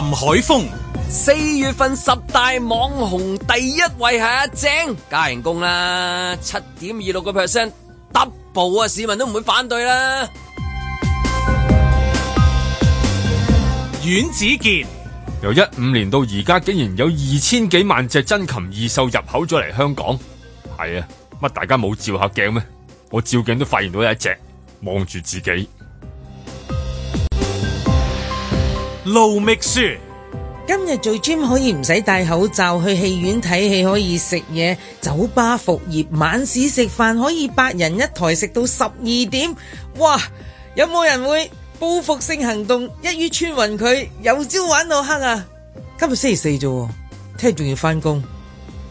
林海峰，四月份十大網紅第一位係阿、啊、正加人工啦，七點二六個 percent，double 啊，市民都唔會反對啦。阮子杰由一五年到而家，竟然有二千幾萬隻珍禽異獸入口咗嚟香港，係啊，乜大家冇照下鏡咩？我照鏡都發現到一隻望住自己。盧覓雪，今日做 gym 可以唔使戴口罩，去戲院睇戲可以食嘢，酒吧復業，晚市食飯可以八人一台食到十二點，哇！有冇人會報復性行動？一於穿雲佢，由朝玩到黑啊！今日星期四啫，聽日仲要翻工。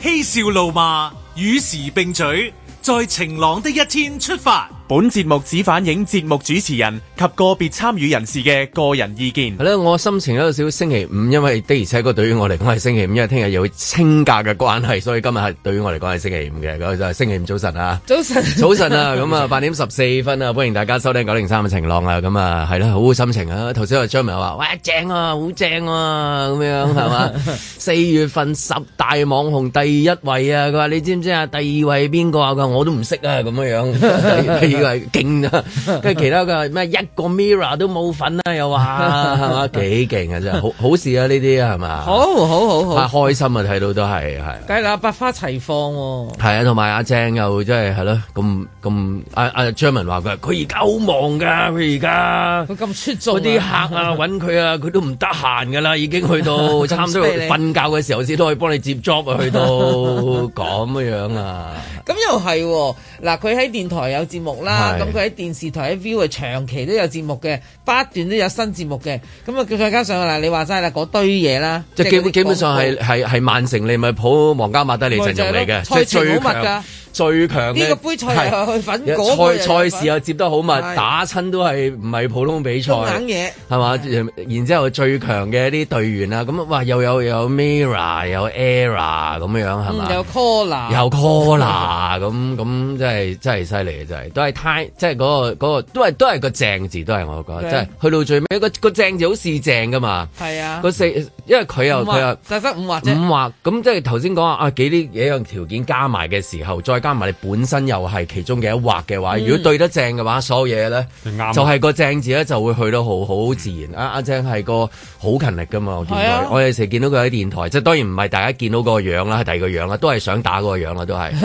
嬉笑怒罵，與時並嘴，在晴朗的一天出發。本節目只反映節目主持人及個別參與人士嘅個人意見。係咧，我心情有少少星期五，因為的而且確對於我嚟講係星期五，因為聽日有清假嘅關係，所以今日係對於我嚟講係星期五嘅。咁就係星期五早晨啊，早晨，早晨啊，咁啊八點十四分啊，歡迎大家收聽九零三嘅晴朗啊，咁啊係啦，好心情啊。頭先阿張明話，喂，正啊，好正啊，咁樣係嘛？四月份十大網紅第一位啊，佢話你知唔知啊？第二位係邊個啊？佢話我都唔識啊，咁樣樣。以為勁啊，跟住其他嘅咩一個 Mirror 都冇份啦，又話係嘛，幾勁真係，好好事啊呢啲係嘛，好好好好、啊，開心啊睇到都係係，梗係啦百花齊放、哦，係啊，同埋阿鄭又真係係咯，咁咁阿阿張文話佢佢而家好忙噶，佢而家佢咁出咗啲客啊揾佢啊，佢、啊啊啊啊啊啊、 都唔得閒噶啦，已經去到差唔多瞓覺嘅時候先都可以幫你接 job 啊， 去到咁嘅樣啊，咁又係嗱、哦，佢喺電台有節目。咁佢喺電視台喺 view 係長期都有節目嘅，不斷都有新節目嘅，咁啊，再加上嗱，你話齋啦，嗰堆嘢啦，即係基本基本上係係係曼城，你咪抱皇家馬德里陣容嚟嘅，即係最強。最強最強嘅杯賽賽事又接得好密，打親都係唔係普通比賽。硬嘢係嘛？然之後最強嘅一啲隊員啊，咁哇又有又有 MIRROR，又有 ERROR 咁樣係嘛？有 COLLAR 有 COLLAR 咁咁，即係真係犀利啊！真係都係 t 即係嗰個個都係都係個正字，都係我覺得，即係去到最尾個、那個正字好似正噶嘛？係啊，四因為佢又佢又四分五劃五劃咁，即係頭先講啊，啊幾啲嘢樣條件加埋嘅時候再加。加埋你本身又係其中嘅一畫嘅話，如果對得正嘅話，嗯、所有嘢咧就係個正字咧就會去得好好自然。阿、啊、阿正係個好勤力噶嘛，我見佢，啊、我有時見到佢喺電台，即係當然唔係大家見到嗰個樣啦，係第二個樣啦，都係想打嗰個樣啦，都係。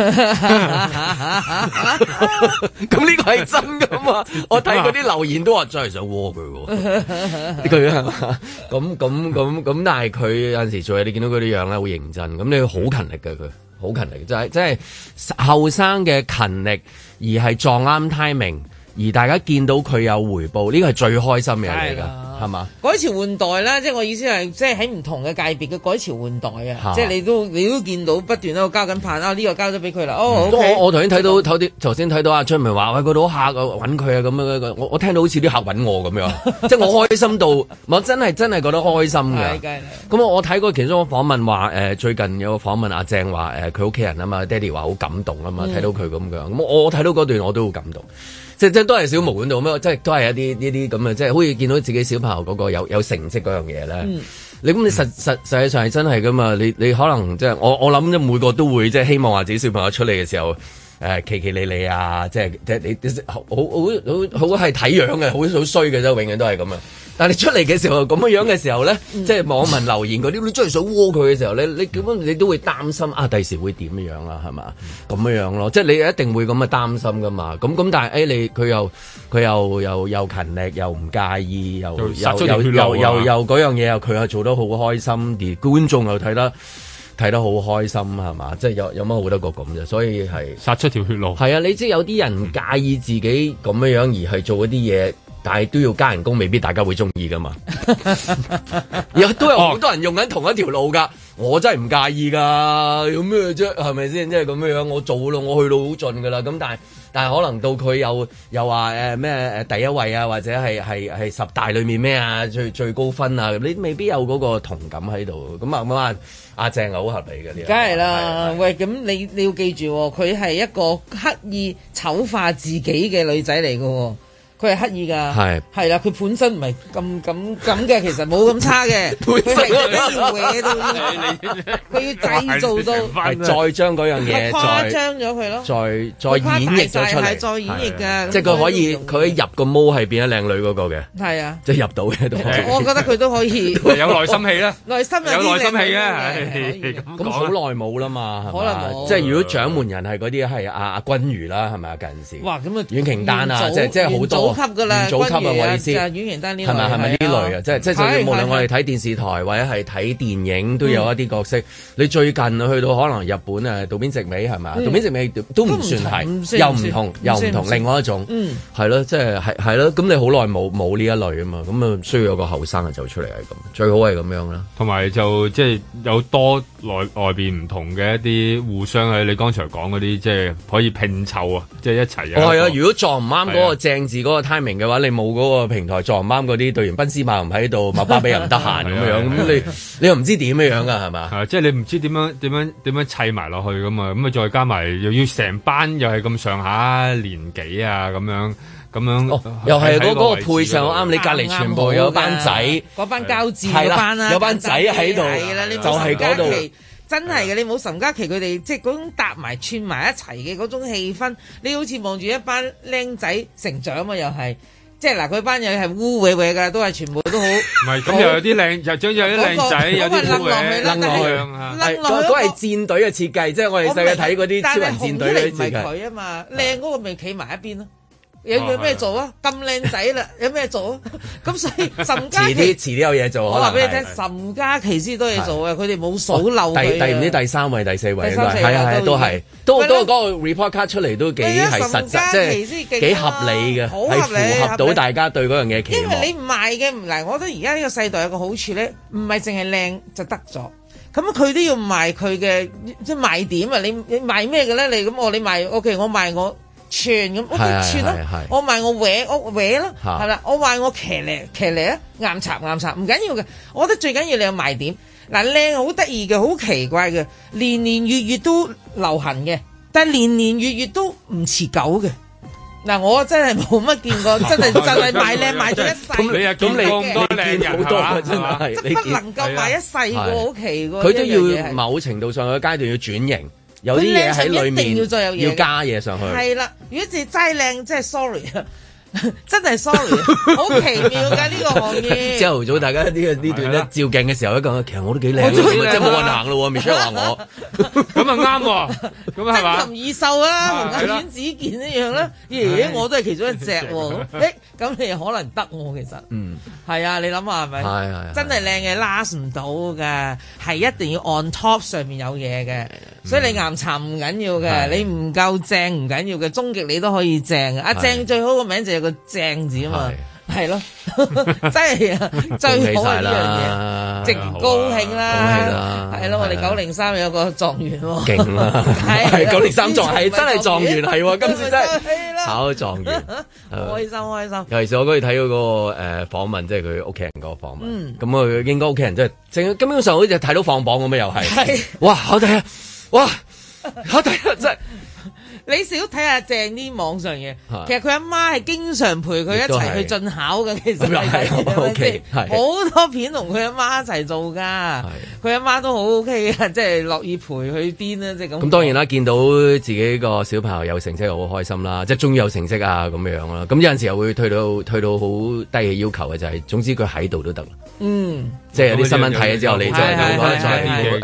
咁呢個係真噶嘛？我睇嗰啲留言都話真係想窩佢喎。呢個樣咁咁咁咁，但係佢有陣時做嘢，你見到佢啲樣咧，好認真，咁你好勤力噶佢。好勤力，就係即係後生嘅勤力，而係撞啱 timing。而大家見到佢有回報，呢個係最開心嘅嘢嚟噶，係嘛、啊？改朝換代啦，即、就、係、是、我意思係，即係喺唔同嘅界別嘅改朝換代啊，即、就、係、是、你都你都見到不斷喺度交緊棒啊，呢、這個交咗俾佢啦。我我頭先睇到頭先睇到阿春明話喂，嗰度客搵佢啊咁樣我聽聽到好似啲客搵我咁樣，即 係我開心到，我真係真係覺得開心嘅。咁我睇過其中一個訪問話、呃、最近有個訪問阿鄭話佢屋企人啊嘛，爹哋話好感動啊嘛，睇到佢咁樣，咁、嗯、我睇到嗰段我都好感動。即即都係小無管到咩？即都係一啲呢啲咁嘅，即係好似見到自己小朋友嗰個有有成績嗰樣嘢咧、嗯。你咁你實實實際上係真係噶嘛？你你可能即係我我諗即每個都會即係希望話自己小朋友出嚟嘅時候。誒、呃，奇奇離你啊！即係即係你，好好好好係睇樣嘅，好好，好，好，好，好衰嘅啫，永遠都係咁啊！但係你出嚟嘅時候咁嘅樣嘅時候咧，即、嗯、係、就是、網民留言嗰啲、嗯，你追想窩佢嘅時候咧，你根本、嗯、你都會擔心啊！第時會點樣啊？係嘛？咁、嗯、樣樣咯，即係你一定會咁嘅擔心噶嘛？咁咁但係誒、欸，你佢又佢又又又，又勤力，又唔介意，又又又又又嗰樣嘢，又佢又、啊、又做得好開心，而觀眾又睇得。睇得好開心係嘛？即係有有乜好得過咁啫，所以係殺出條血路。係啊，你即係有啲人唔介意自己咁樣樣而係做嗰啲嘢，但係都要加人工，未必大家會鍾意噶嘛。而都有好多人用緊同一條路噶、哦，我真係唔介意噶，有咩啫？係咪先？即係咁樣樣我做咯，我去到好盡噶啦。咁但係。但係可能到佢又又話誒咩誒第一位啊，或者係係係十大裏面咩啊最最高分啊，你未必有嗰個同感喺度。咁啊嘛，阿鄭好合理嘅呢？梗係啦，喂，咁你你要記住，哦，佢係一個刻意醜化自己嘅女仔嚟㗎喎。佢係刻意㗎，係啦，佢本身唔係咁咁咁嘅，其實冇咁差嘅，佢係俾佢搲到，佢要製造到，再將嗰樣嘢再誇張咗佢咯，再再演繹咗出嚟，係再演繹㗎，即係佢可以佢入個毛係變咗靚女嗰個嘅，係啊，即係入到嘅都，我覺得佢都可以有耐心氣啦，有耐心氣啊，咁好耐冇啦嘛，可能，即係如果掌門人係嗰啲係阿阿君如啦，係咪啊？近時哇，咁啊，婉瓊丹啊，即係即係好多。級噶啦，年組級啊！我、啊、意思，係咪係咪呢類啊？是啊即係、啊、即係、啊啊，無論我哋睇電視台或者係睇電影，都有一啲角色、嗯。你最近去到可能日本啊，渡邊直美係咪？渡邊、嗯、直美都唔算係，又唔同不又唔同，不又不同，不又不同不，另外一種。嗯，係咯，即係係係咯。咁你好耐冇冇呢一類啊嘛？咁啊，需要有個後生啊，就，是、是是啊就出嚟係咁，最好係咁樣啦。同埋就即係、就是、有多外外邊唔同嘅一啲互相喺你剛才講嗰啲，即、就、係、是、可以拼湊啊，即、就、係、是、一齊係啊，如果撞唔啱個政治個。是啊那個 timing 嘅話，你冇嗰個平台撞啱嗰啲隊員，賓斯馬唔喺度，麥巴比又唔得閒咁樣，咁你你又唔知點咩樣㗎係嘛？即係你唔知點樣點樣點樣砌埋落去咁啊！咁啊再加埋又要成班又係咁上下年紀啊咁樣咁樣，哦、又係嗰、嗰個個，嗰個配上啱你隔離全部有班仔，嗰班膠戰嘅班啦、啊啊，有班仔喺度，就係嗰度。真係嘅，你冇岑嘉琪佢哋，即係嗰種搭埋串埋一齊嘅嗰種氣氛，你好似望住一班僆仔成長嘛，又係，即係嗱佢班友係烏猥猥㗎，都係全部都好。唔 咁又有啲靚、那個，又將有啲靚仔，那個、有啲烏猥猥。楞亮啊！都係、那個那個、戰隊嘅設計，即係我哋細個睇嗰啲超人戰隊嘅唔係佢啊嘛，靚、啊、嗰個咪企埋一邊咯、啊。有咩做啊？咁靚仔啦，有咩做啊？咁 所以岑家琦，遲啲有嘢做。我話俾你聽，岑家琦先都嘢做啊！佢哋冇數漏、哦。第第唔知第三位、第四位應該係啊，都係，都都嗰、那個 report card 出嚟都幾係實際，即係、啊、幾合理嘅，係符合到合大家對嗰樣嘢期待。因為你賣嘅唔嚟，我覺得而家呢個世代有個好處咧，唔係淨係靚就得咗。咁佢都要賣佢嘅即係賣點啊！你你賣咩嘅咧？你咁我你賣 OK，我賣我。咁我串咯，我賣、啊、我搲我搲咯，係啦，我賣我騎靚騎暗插暗插唔緊要嘅。我覺得最緊要你有賣點，嗱靚好得意嘅，好奇怪嘅，年年月月都流行嘅，但係年年月月都唔持久嘅。嗱，我真係冇乜見過，真係就係賣靚 賣咗一世，咁 你你，咁你你見好多你，真係，即係，不能夠賣一世喎，好奇怪。佢都要某程度上嘅階段要轉型。有啲嘢喺裏面要再有嘢，要加嘢上去。係啦，如果淨齋靚，即係 sorry 啊。 真係 sorry，好、啊、 奇妙㗎呢 個，個行業。朝頭早大家呢個呢段咧照鏡嘅時候咧，講其實我都幾靚嘅，咁 冇運行咯。Michelle 話我，咁啊啱，咁係嘛？清琴易瘦啊，紅、啊、顏、啊 啊、 子健一樣啦、啊。爺 爺、哎、我都係其中一隻、啊。誒、 哎，咁你可能得我其實，嗯，係啊，你諗下係咪？是是是真係靚嘅 last 唔到嘅，係一定要 on top 上面有嘢嘅、嗯。所以你岩沉唔緊要嘅，你唔夠正唔緊要嘅，終極你都可以正。阿正最好個名就。個正字啊嘛，係咯，真係 最好啊呢樣嘢，即高興啦，係咯、啊，我哋九零三有個狀元喎，勁啦，係九零三仲係真係狀元，係今次真係考狀元，開心、uh, 開心。尤其是我嗰日睇到嗰個誒訪、呃、問，即係佢屋企人嗰個訪問，咁、嗯、佢應該屋企人真係正，根本上好似睇到放榜咁樣又係，哇好睇啊，哇好睇啊真係。你少睇下正啲網上嘢，其實佢阿媽係經常陪佢一齊去進考嘅。其實係 o 好多片同佢阿媽一齊做㗎。佢阿媽，媽都好 OK 嘅，即係樂意陪佢邊啊！即係咁。咁當然啦，見到自己個小朋友有成績好開心啦，即、就、係、是、終於有成績啊咁樣啦。咁有陣時候又會退到退到好低嘅要求嘅，就係、是、總之佢喺度都得。嗯，即係啲新聞睇咗之後嚟、嗯、就係咁啦，所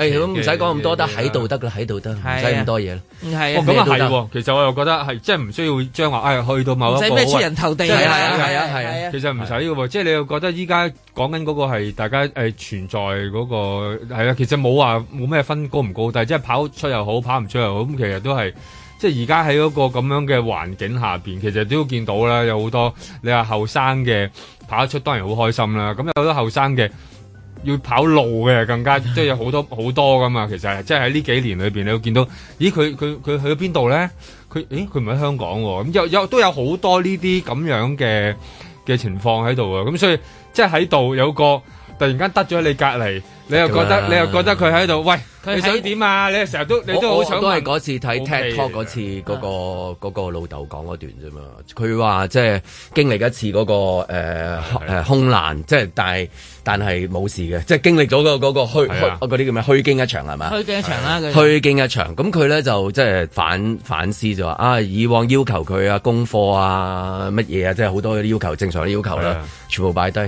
以誒咁唔使講咁多，得喺度得啦，喺度得，唔使咁多嘢啦。係咁。其實我又覺得係，即係唔需要將話，哎去到某一個，使咩出人頭地係啊係啊係啊，啊，啊，啊，啊，啊，啊，其實唔使嘅喎。即係、啊就是、你又覺得依家講緊嗰個係，大家誒存在嗰、那個係啊。其實冇話冇咩分高唔高，但係即係跑出又好，跑唔出又好，咁其實都係。即係而家喺嗰個咁樣嘅環境下邊，其實都見到啦，有好多你話後生嘅跑得出當然好開心啦。咁有好多後生嘅。要跑路嘅更加，即係有好多好多噶嘛。其實即係喺呢幾年裏面，你會見到，咦？佢佢佢去咗邊度咧？佢，咦？佢唔喺香港喎。咁又有，有都有好多呢啲咁樣嘅嘅情況喺度啊。咁所以，即係喺度有個。突然間得咗你隔離，你又覺得、啊、你又覺得佢喺度，喂佢，你想點啊？你成日都你都好想。我都係嗰次睇 TED、okay、Talk 嗰次嗰、嗰個 uh, 個老豆講嗰段啫嘛。佢話即係經歷一次嗰、嗰個誒空、呃、難，即係但係但係冇事嘅，即係經歷咗個嗰個虛虛嗰啲叫咩虛驚一場係咪？虛驚一場啦、啊。虛驚一場咁佢咧就即係反反思咗啊，以往要求佢啊功課啊乜嘢啊，即係好多要求正常嘅要求啦，全部擺低，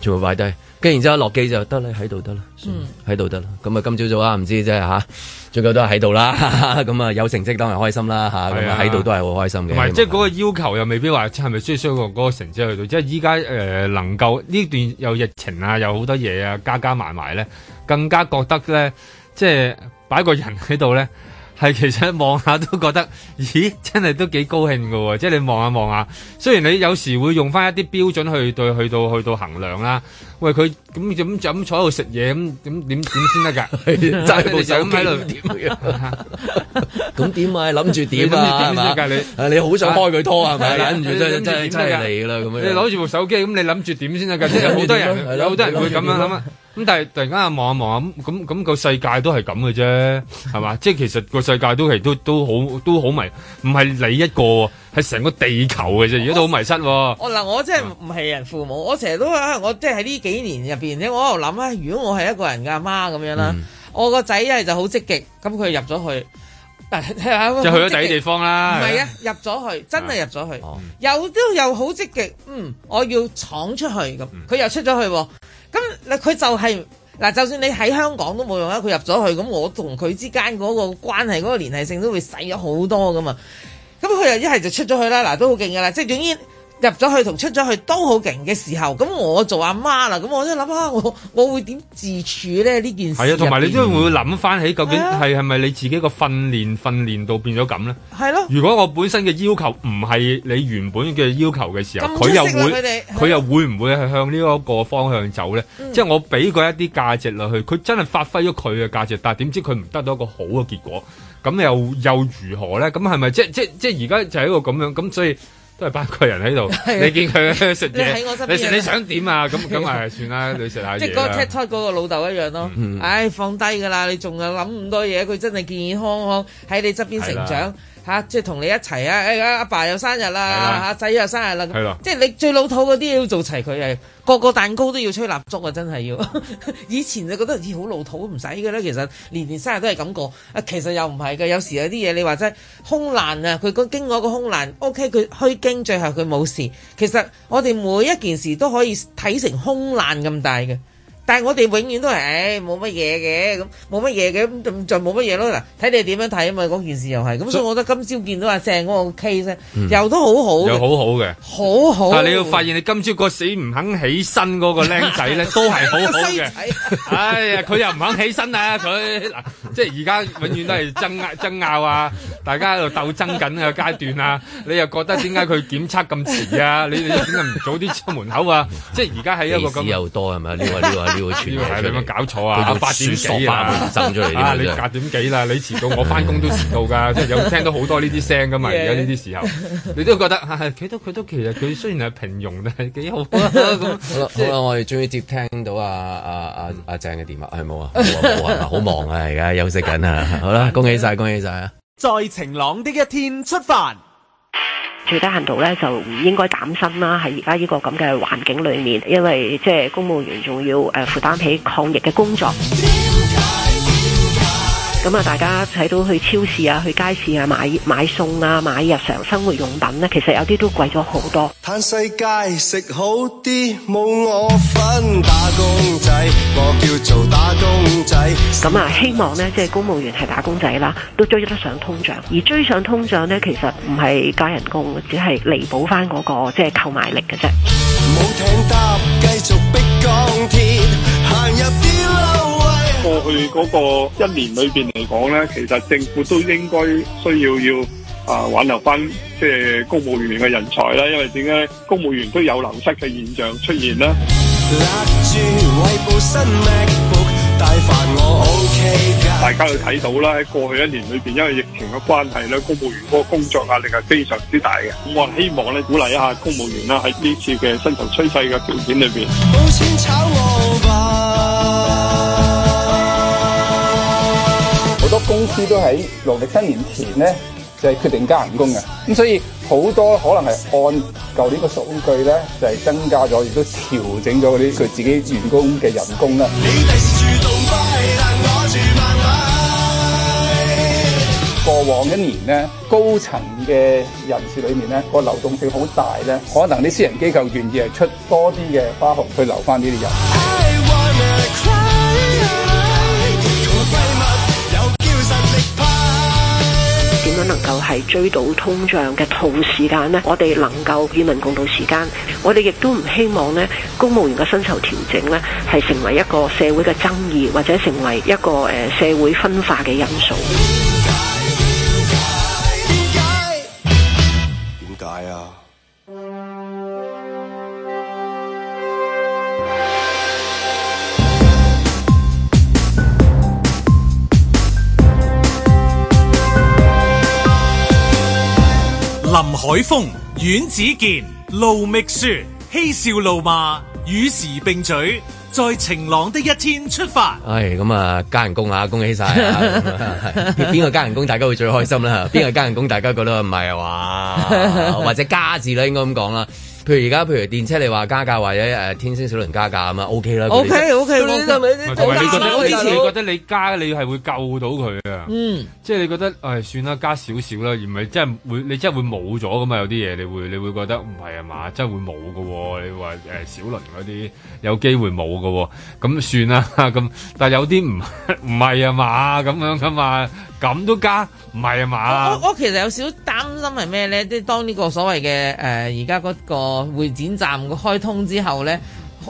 全部擺低。跟然之後機，落機就得啦，喺度得啦，喺度得啦。咁、嗯、啊，今朝早啊，唔知啫嚇，最緊都係喺度啦。咁啊，有成績當然開心啦嚇，咁啊喺度、啊啊、都係好開心嘅。唔即係嗰、嗰個要求又未必話，係咪需要需要嗰個成績去到。即係依家誒能夠呢段有疫情啊，有好多嘢啊，加加埋埋咧，更加覺得咧，即係擺個人喺度咧。係其實望下都覺得，咦，真係都幾高興噶喎！即係你望下望下，雖然你有時會用翻一啲標準去對去到去到衡量啦。喂，佢咁咁就咁坐喺度食嘢，咁咁點點先得噶？揸部手機，咁點啊？諗住點啊？咁啊，你啊你好想開佢拖啊係咪？諗住真真真嚟啦！咁你攞住部手機，咁你諗住點先得噶？真係好多人，有好多人會咁樣諗啊！咁但係突然間啊，望一望咁，咁個世界都係咁嘅啫，係嘛？ 即係其實個世界都係都都好都好迷，唔係你一個，係成個地球嘅啫。而家都好迷失，哦。我嗱，我真係唔係人父母，我成日都我即係喺呢幾年入邊咧，我喺度諗啊。如果我係一個人嘅阿媽咁樣啦，我個仔一係就好積極，咁佢入咗去，就去咗第二地方啦。唔係啊，入咗去，真係入咗去，嗯、又都又好積極。嗯，我要闖出去咁，佢又出咗去。嗯啊咁佢就係、是、嗱，就算你喺香港都冇用啦，佢入咗去，咁我同佢之間嗰個關係、嗰、嗰個聯繫性都會細咗好多噶嘛。咁佢又一係就出咗去啦，嗱都好勁噶啦，即係總之。入咗去同出咗去都好勁嘅時候，咁我做阿媽啦，咁我都諗下，我我會點自處咧呢件事是？係啊，同埋你都會諗翻起究竟係係咪你自己個訓練訓練到變咗咁咧？係咯。如果我本身嘅要求唔係你原本嘅要求嘅時候，佢又會佢又會唔會係向呢個方向走咧，嗯？即係我俾佢一啲價值落去，佢真係發揮咗佢嘅價值，但係點知佢唔得到一個好嘅結果，咁又又如何咧？咁係咪即即即而家就係一個咁樣咁所以？都係八個人喺度， 你見佢食嘢，你喺我側邊你想點啊？咁咁咪算啦，你食下嘢。即係嗰個 TikTok 嗰個老豆一樣咯，唉，放低㗎啦！你仲有諗咁多嘢，佢真係健健康康喺你側邊成長。嚇、啊，即係同你一齊啊！誒阿阿爸又生日啦，阿仔、啊、又生日啦，即係你最老土嗰啲要做齊佢，係個個蛋糕都要吹蠟燭啊！真係要呵呵，以前就覺得好似好老土，唔使嘅啦。其實年年生日都係咁過啊，其實又唔係嘅。有時有啲嘢你話真係空難啊，佢經過個空難 OK，佢虛驚，最後佢冇事。其實我哋每一件事都可以睇成空難咁大嘅。但係我哋永遠都係，誒冇乜嘢嘅咁，冇乜嘢嘅咁就冇乜嘢咯嗱。睇你點樣睇啊嘛，嗰件事又係咁，所以我覺得今朝見到阿正嗰個 case、嗯、又都好好，又好好嘅，好好。但你要發現你今朝個死唔肯起身嗰個僆仔咧， 都係好好嘅、啊。哎呀，佢又唔肯起身啊佢嗱， 即係而家永遠都係爭， 爭爭拗啊，大家喺度鬥爭緊嘅階段啊。你又覺得點解佢檢測咁遲啊？你哋點解唔早啲出門口啊？ 即係而家係一個咁，又多係咪？ 要會傳係點樣搞錯啊？八點幾啊，生出嚟啊！你八點幾啦？你遲到，我遲到，我翻工都遲到噶。即係有聽到好多呢啲聲噶嘛。而家呢啲時候， 你都覺得佢都佢都其實佢雖然係平庸，但係幾好咁、 啊、好啦，我哋終於接聽到阿阿阿阿鄭嘅電話，係冇啊？冇 啊？冇啊？好忙啊！而家休息緊啊！好、啊、啦，恭喜晒、啊，恭喜晒啊，啊！在晴朗的一天出發。最低限度咧就唔應該擔心啦，喺而家呢個咁嘅環境裏面，因為即係、就是、公務員仲要誒、呃、負擔起抗疫嘅工作。咁啊，大家睇到去超市啊，去街市啊，買買餸啊，買日常生活用品咧，其實有啲都貴咗好多。嘆世界食好啲，冇我份，打工仔，我叫做打工仔。咁啊，希望咧即係公務員係打工仔啦，都追得上通脹。而追上通脹咧，其實唔係加人工，只係彌補翻、那、嗰個即係、就是、購買力嘅啫。冇艇搭，繼續迫降鐵，行入啲樓。過去嗰個一年裏邊嚟講咧，其實政府都應該需要要啊挽留翻即係公務員嘅人才啦，因為點解公務員都有流失嘅現象出現啦，OK。大家去睇到啦，喺過去一年裏邊，因為疫情嘅關係咧，公務員嗰個工作壓力係非常之大嘅。咁我希望咧，鼓勵一下公務員啦喺呢次嘅薪酬趨勢嘅條件裏邊。多公司都喺農曆新年前咧就係決定加人工嘅，咁所以好多可能係按舊年嘅數據咧就係增加咗，亦都調整咗嗰啲佢自己員工嘅人工啦。過往一年咧，高層嘅人士裏面咧個流動性好大咧，可能啲私人機構願意係出多啲嘅花紅去留翻呢啲人。點樣能夠係追到通脹嘅同時間呢？我哋能夠與民共度時間，我哋亦都唔希望呢公務員嘅薪酬調整呢，係成為一個社會嘅爭議，或者成為一個誒、呃、社會分化嘅因素。林海峰、阮子健、盧覓雪，嬉笑怒罵，與時並舉，在晴朗的一天出發。哎，咁啊加人工啊，恭喜晒 啊！邊個加人工，大家會最開心啦、啊。邊個加人工，大家覺得唔係話，或者加字啦、啊，應該咁講啦。譬如而家，譬如電車，你話加價或者、呃、天星小輪加價咁嘛 OK 啦。OK OK，咁、OK，你，你，OK、你覺得你加，你係會救到佢啊？嗯，即係你覺得誒算啦，加少少啦，而唔係真係會你真係會冇咗噶嘛？有啲嘢你會你會覺得唔係啊嘛，真係會冇噶、哦，你話、呃、小輪嗰啲有機會冇噶、哦，咁算啦咁。但係有啲唔唔係啊嘛，咁樣噶嘛。咁都加唔係啊嘛。我我，我其實有少少擔心係咩咧？即係當呢個所謂嘅誒而家嗰個會展站開通之後咧，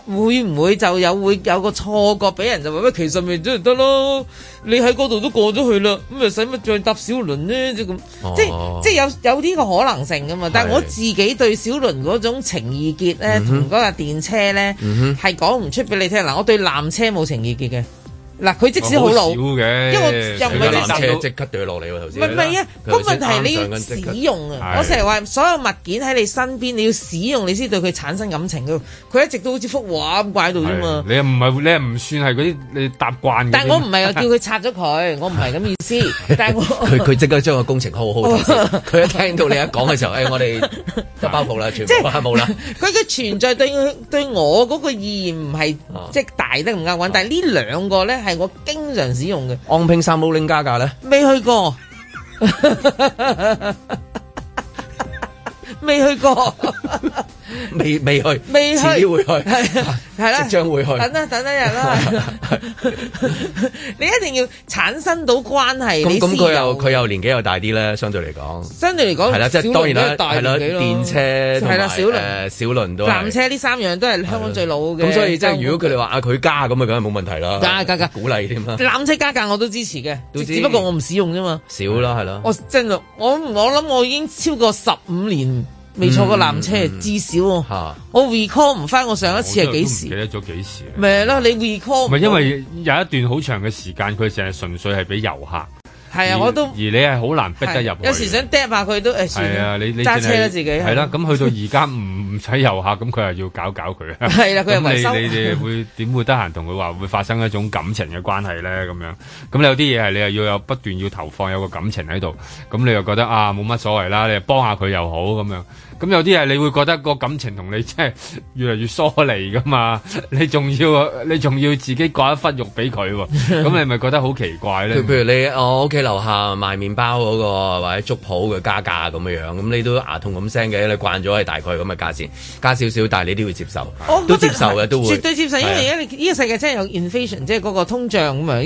會唔會就有會有個錯覺俾人就話喂，其實咪即係得咯，你喺嗰度都過咗去啦，咁咪使乜再搭小輪咧？oh.？即咁，即係即係有有呢個可能性噶嘛？但係我自己對小輪嗰種情意結咧，同、mm、嗰 -hmm. 個電車咧係講唔出俾你聽。嗱，我對纜車冇情意結嘅。嗱，佢即使好老，嘅，因為又唔係成日即刻掉落嚟喎。頭先唔係啊，個問題你要使用啊！我成日話所有物件喺你身邊，你要使用你先對佢產生感情嘅。佢一直都好似幅畫咁掛喺度啫嘛。你又唔係，你又唔算係嗰啲你習慣。但我唔係又叫佢拆咗佢，我唔係咁意思。 但係佢佢即刻將個工程好好。佢 一聽到你一講嘅時候， 哎，我哋就包袱啦，全部都係冇啦。佢嘅存在對 對，對我嗰個意義唔係即係大得唔啱 但係呢兩個咧。係我經常使用嘅，昂平三冇零加價呢？未去過未 去過 未未去，未去會去係係啦，即將會去。會去等、啊、等等一日啦， 你一定要產生到關係。咁咁佢又佢又年紀又大啲咧，相對嚟講，相對嚟講係啦，即係當然啦，係咯電車啦小輪、啊、小輪都，纜車呢三樣都係香港最老嘅。咁所以即係如果佢哋話啊佢加咁啊，梗係冇問題啦，加加加，鼓勵添啦！纜車加價我都支持嘅，只不過我唔使用啫嘛，少啦係啦我真係我我諗我已經超過十五年。未坐過纜車、嗯嗯，至少我 recall 唔翻我上一次係幾時。記得咗幾時？咪係咯，你 recall 咪因為有一段好長嘅時間，佢成日純粹係俾遊客。係啊，我都而你係好難逼得入、啊。有時想 d 下佢都係、呃、啊，你揸車啦，自己係啦。咁去、啊、到而家唔唔使遊客，咁佢又要搞搞佢。係啦、啊，佢又違心。你哋會點會得閒同佢話會發生一種感情嘅關係咧？咁樣咁你有啲嘢係你又要有不斷要投放，有個感情喺度，咁你又覺得啊冇乜所謂啦，你幫下佢又好咁樣。咁有啲嘢你會覺得個感情同你真係越嚟越疏離噶嘛？你仲要你仲要自己割一忽肉俾佢喎？咁你咪覺得好奇怪咧？譬 如你我屋企樓下賣麵包嗰個，或者粥鋪嘅加價咁樣樣，咁你都牙痛咁聲嘅，你慣咗係大概咁嘅價錢，加少少，但你都會接受，都接受嘅，都會絕對接受，因為呢個世界真係有 inflation，即係嗰個通脹咁樣！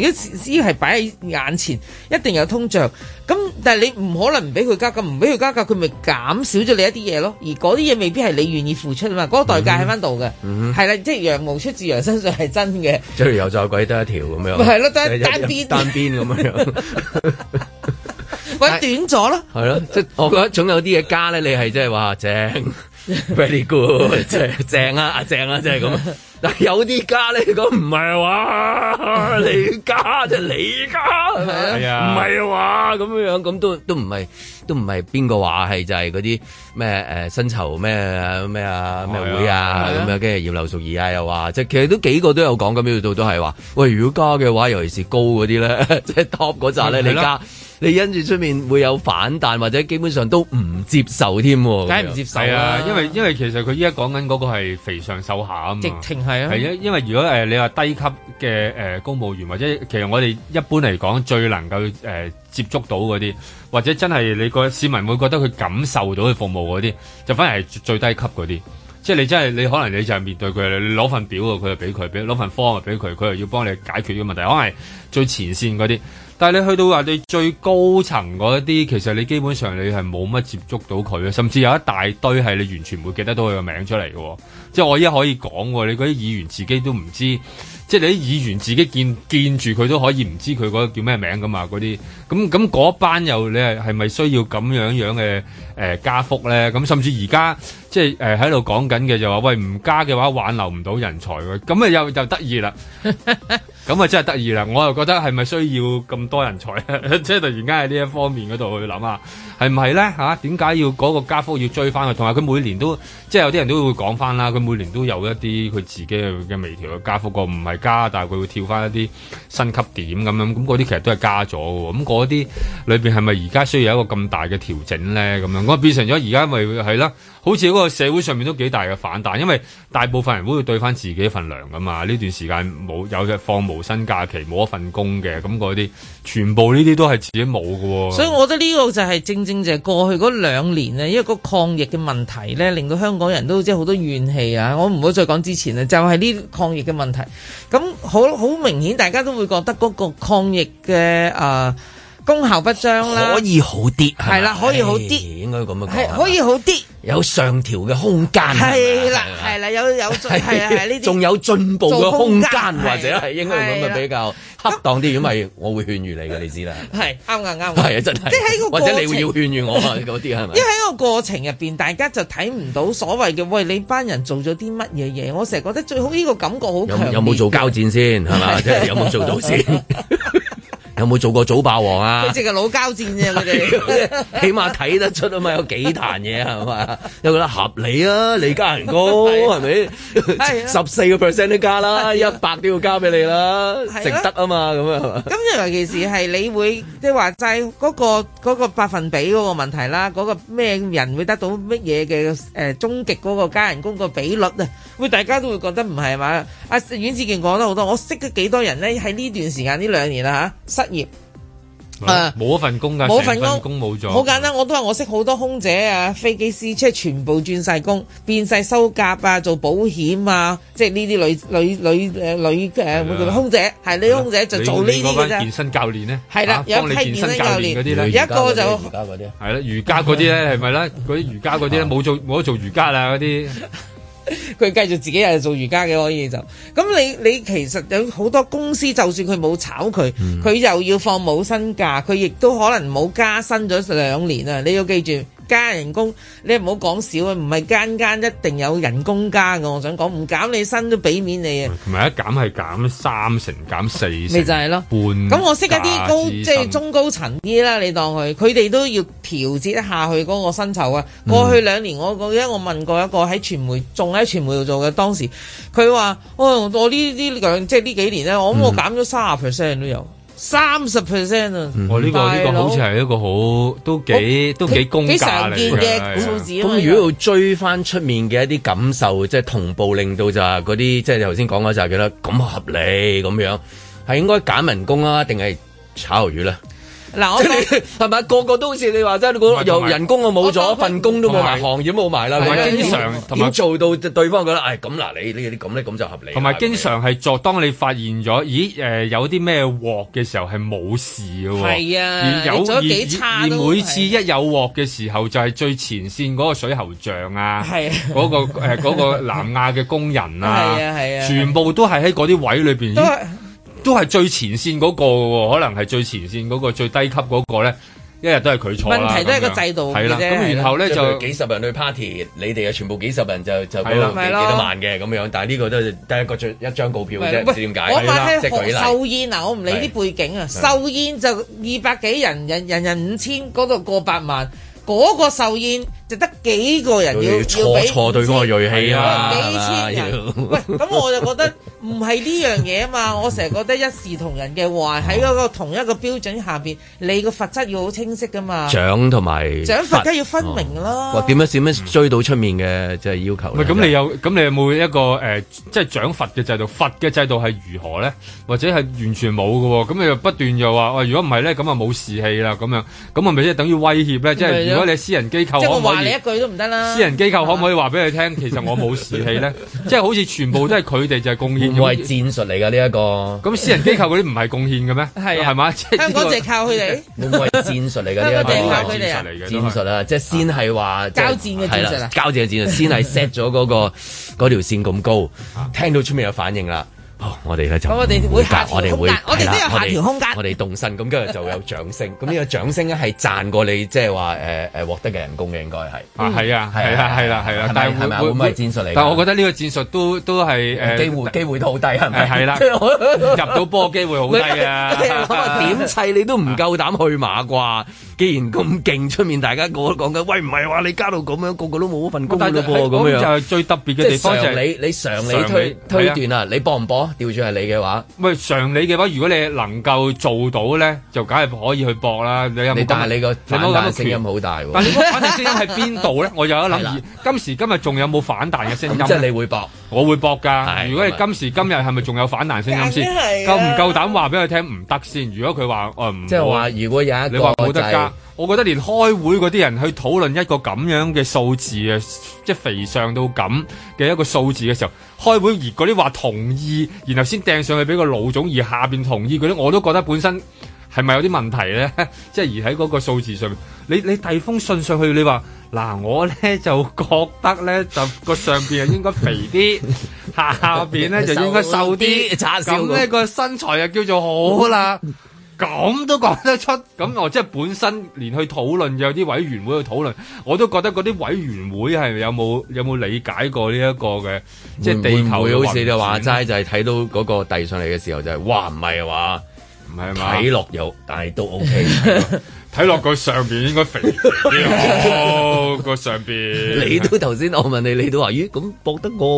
呢個係擺喺眼前，一定有通脹。咁、嗯，但係你唔可能唔俾佢加價，咁唔俾佢加價佢咪減少咗你一啲嘢咯？而嗰啲嘢未必係你願意付出啊嘛，嗰、嗰個代價喺翻度嘅，係、嗯、啦，即係羊毛出自羊身上係真嘅。即係油炸鬼得一條咁 樣。咪係得一單邊單邊咁樣。喂，短咗咯。係咯，即我覺得總有啲嘢加咧，你係即係話正。Very good，正 正啊， 正啊，即係咁。 但係有啲加咧，咁唔係話你加就你加，係、就是 呃、啊，唔係話咁樣樣，咁都都唔係，都唔係邊個話係就係嗰啲咩誒薪酬咩咩啊咩會啊咁樣，跟住葉劉淑儀啊又話，即係其實都幾個都有講咁樣，到都係話喂，如果加嘅話，尤其是高嗰啲咧，即 係 top 嗰紮咧，你加。」啊你因住出面會有反彈，或者基本上都唔接受添，梗係唔接受呀、啊啊！因為因為其實佢依家講緊嗰個係肥上瘦下啊嘛，直情係啊係，係因因為如果、呃、你話低級嘅誒、呃、公務員或者其實我哋一般嚟講最能夠、呃、接觸到嗰啲，或者真係你個市民會覺得佢感受到佢服務嗰啲，就反而係最低級嗰啲，即係你真係你可能你就係面對佢，攞份表佢就俾佢，俾攞份 form 啊俾佢，佢又要幫你解決呢個問題，可能係最前線嗰啲。但係你去到話你最高層嗰一啲，其實你基本上你係冇乜接觸到佢啊，甚至有一大堆係你完全唔會記得到佢個名出嚟嘅，即係我依家可以講喎，你嗰啲議員自己都唔知，即係你啲議員自己見見住佢都可以唔知佢嗰個叫咩名㗎嘛嗰啲，咁咁嗰班又你係係咪需要咁樣樣嘅？誒加幅咧，咁甚至而家即係喺度講緊嘅就係、話，喂唔加嘅話挽留唔到人才，咁啊又又得意啦，咁啊 真係得意啦！我又覺得係咪需要咁多人才？即係 突然間喺呢一方面嗰度去諗下，係唔係咧嚇？點、啊、解要嗰個加幅要追翻去？同埋佢每年都即係有啲人都會講翻啦，佢每年都有一啲佢自己嘅微調嘅加幅個唔係加，但係佢會跳翻一啲新級點咁樣，咁嗰啲其實都係加咗，咁嗰啲裏面係咪而家需要有一個咁大嘅調整咧？咁樣？我變成咗而家咪係啦，好似嗰個社會上面都幾大嘅反彈，因為大部分人都會對翻自己份糧噶嘛。呢段時間冇有隻放無薪假期，冇一份工嘅咁嗰啲，全部呢啲都係自己冇嘅。所以，我覺得呢個就係正正就係過去嗰兩年咧，因為個抗疫嘅問題咧，令到香港人都即係好多怨氣啊！我唔好再講之前啦，就係、是、呢抗疫嘅問題。咁好好明顯，大家都會覺得嗰個抗疫嘅啊。呃功效不彰啦，可以好啲係啦，可以好啲，應該咁樣講可以好啲，有上調嘅空間係啦係啦，有有仲有進步嘅空間或者係應該咁樣比較恰當啲，因為我會勸喻你嘅，你知啦，係啱啱啱？係啊，真係、即係，或者你會要勸喻我啊嗰啲係咪？因為喺個過程入邊，大家就睇唔到所謂嘅喂，你班人做咗啲乜嘢嘢？我成日覺得最好呢、這個感覺好有冇做交戰先係嘛？即係 有冇做到先？有冇做過早霸王啊？即係老交戰啫，我哋起碼睇得出啊嘛，有幾壇嘢係嘛，又覺得合理啊，你加人工係咪？十四個 percent 都加啦，一百都要交俾你啦，值得啊嘛，咁啊係嘛？咁尤其是係你會即係話曬嗰個嗰個百分比嗰個問題啦，嗰個咩人會得到乜嘢嘅誒終極嗰個加人工個比率啊？會大家都會覺得唔係嘛？阿阮志健講得好多，我識咗幾多人咧，喺呢段時間呢兩年啊嚇失業啊，冇一份工噶，冇份工，工冇咗，好簡單。我都話我識好多空姐啊，飛機師，即係全部轉晒工，變晒收甲啊，做保險啊，即係呢啲女女女誒女誒，我叫空姐，係呢空姐就做呢啲噶咋。健身教練咧，係啦，有係健身教練嗰啲咧，一個就瑜伽嗰啲，係啦，瑜伽嗰啲咧係咪咧？嗰啲瑜伽嗰啲咧冇做冇得做瑜伽啦嗰啲。佢 繼續自己又係做瑜伽嘅，可以就咁。你你其實有好多公司，就算佢冇炒佢，佢、嗯、又要放冇薪假，佢亦都可能冇加薪咗兩年啊！你要記住。加人工，你唔好講少啊！唔係間間一定有人工加㗎。我想講唔減你薪都俾面你啊！同、就、埋、是、一減係減三成減四成，咪就係、是、咯。咁我識一啲高即係中高層啲啦，你當佢佢哋都要調節一下佢嗰個薪酬啊、嗯！過去兩年我我記得我問過一個喺傳媒仲喺傳媒度做嘅，當時佢話：，哦、嗯，我呢啲兩即係呢幾年咧，我諗我減咗卅 percent 都有。嗯三十 percent 啊！我、嗯、呢、哦、這個呢、這個好似係一個好都幾都幾公價嚟嘅。咁、啊啊、如果要追翻出面嘅一啲感受，即、就、係、是、同步令到就係嗰啲即你頭先講嗰扎，覺得咁合理咁樣，係應該揀民工啊，定係炒魷魚咧？嗱、即係，我哋係咪個個都好似你話齋，個 有人工都我冇咗份工都冇埋，行業冇埋啦。同埋經常要做到對方覺得，哎，咁嗱，你呢啲咁咧，咁就合理。同埋經常係做，當你發現咗，咦？呃、有啲咩鑊嘅時候係冇事喎。係啊，而有幾差而而每次一有鑊嘅時候，就係最前線嗰個水喉匠啊，嗰、啊嗰個嗰、 呃嗰個、南亞嘅工人啊，啊啊，啊，全部都係喺嗰啲位裏面。都係最前線嗰、那個喎，可能係最前線嗰、那個最低級嗰、那個咧，一日都係佢錯問問題都係個制度係啦。咁然後咧就，就幾十人去 party，你哋啊全部幾十人就就嗰幾，幾，幾多萬嘅咁樣，但係呢個都得一個最一張告票啫，唔知點解。我話咧，壽宴嗱，我唔理啲背景啊，壽宴就二百幾人，人人人五千，嗰、那、度、個、過百萬，嗰、那個壽宴就得幾個人要錯錯對嗰個鋭氣啊啦。幾千人。喂，咁 我就覺得。唔係呢樣嘢啊嘛！我成日覺得一視同仁嘅話喺嗰個同一個標準下邊，你個罰則要好清晰噶嘛？獎同埋獎罰梗係要分明咯。或、嗯、點樣先可以追到出面嘅即係要求？咁，你有咁你有冇一個誒即係獎罰嘅制度？罰嘅制度係如何咧？或者係完全冇嘅喎？咁就不斷又、哦、話：，哇！如果唔係咧，咁啊冇士氣啦咁樣，咁啊咪即係等於威脅咧？即、就、係、是、如果你係私人機構可可，就是、我話你一句都唔得啦。私人機構可唔可以話俾佢聽？其實我冇士氣咧，即 係好似全部都係佢哋就係貢獻。會唔會係戰術嚟㗎呢一個，咁私人機構嗰啲唔係貢獻嘅咩？係 啊，係嘛？香港淨係靠佢哋 會唔會，這個，戰術嚟㗎呢一個，靠佢哋戰術嚟㗎。戰術啊，即係先係話交戰嘅戰、啊、戰、戰術，交戰嘅戰術先係 set 咗嗰個嗰條線咁高，聽到出面有反應啦。我哋咧就，我哋會下調空間，我哋都有下條空間。我哋動身，咁跟住就會有掌聲。咁 呢個掌聲咧係讚過你，即係話誒誒獲得嘅人工嘅應該係。 啊，係啊，係啊，係啦、啊，係啦、啊嗯。但係會唔會，會，會戰術嚟？但係我覺得呢個戰術都都係誒、嗯呃、機會機會都好低咪係啦，係係啊啊、 入到波機會好低啊。點 砌不是 你都唔夠膽去馬啩？ 既然咁勁，出面大家個個講緊，喂唔係話你加到咁樣，個個都冇份工嘅噃咁樣。就係最特別嘅地方就係、是、你、就是，你常理推推斷啊，你搏唔搏？調轉係你嘅話。喂，常理嘅、啊、話，話，如果你能夠做到咧，就梗係可以去搏啦。你但係你個反彈聲音好大喎。反彈聲音喺邊度咧？呢 我有一諗。 啊、今時今日仲有冇反彈嘅聲音？ 即係你會搏，我會搏㗎。啊、如果你今時今日係咪仲有反彈聲音先？ 啊、夠唔夠膽話俾佢聽唔得先？ 如果佢話，嗯、哎，即係話，如果有一個。你話冇得加。我覺得連開會嗰啲人去討論一個咁樣嘅數字啊，即係肥上到咁嘅一個數字嘅時候，開會而嗰啲話同意，然後先掟上去俾個老總，而下面同意嗰啲，我都覺得本身係咪有啲問題咧？即 係而喺嗰個數字上面，你你遞封信上去，你話嗱，我咧就覺得咧，就個上面啊應該肥啲， 下面咧就應該瘦啲，咁呢個身材啊叫做好啦。 咁都講得出，咁我即係本身連去討論有啲委員會去討論，我都覺得嗰啲委員會係有冇有冇理解過呢一個嘅，即係地球運轉，會唔會好似你話齋，就係、是、睇到嗰個遞上嚟嘅時候就係、是，哇唔係啊唔係嘛，睇落又，但係都 OK。 睇落個上邊應該肥 上上面，個上邊。你都頭先我問你，你都話咦咁搏得過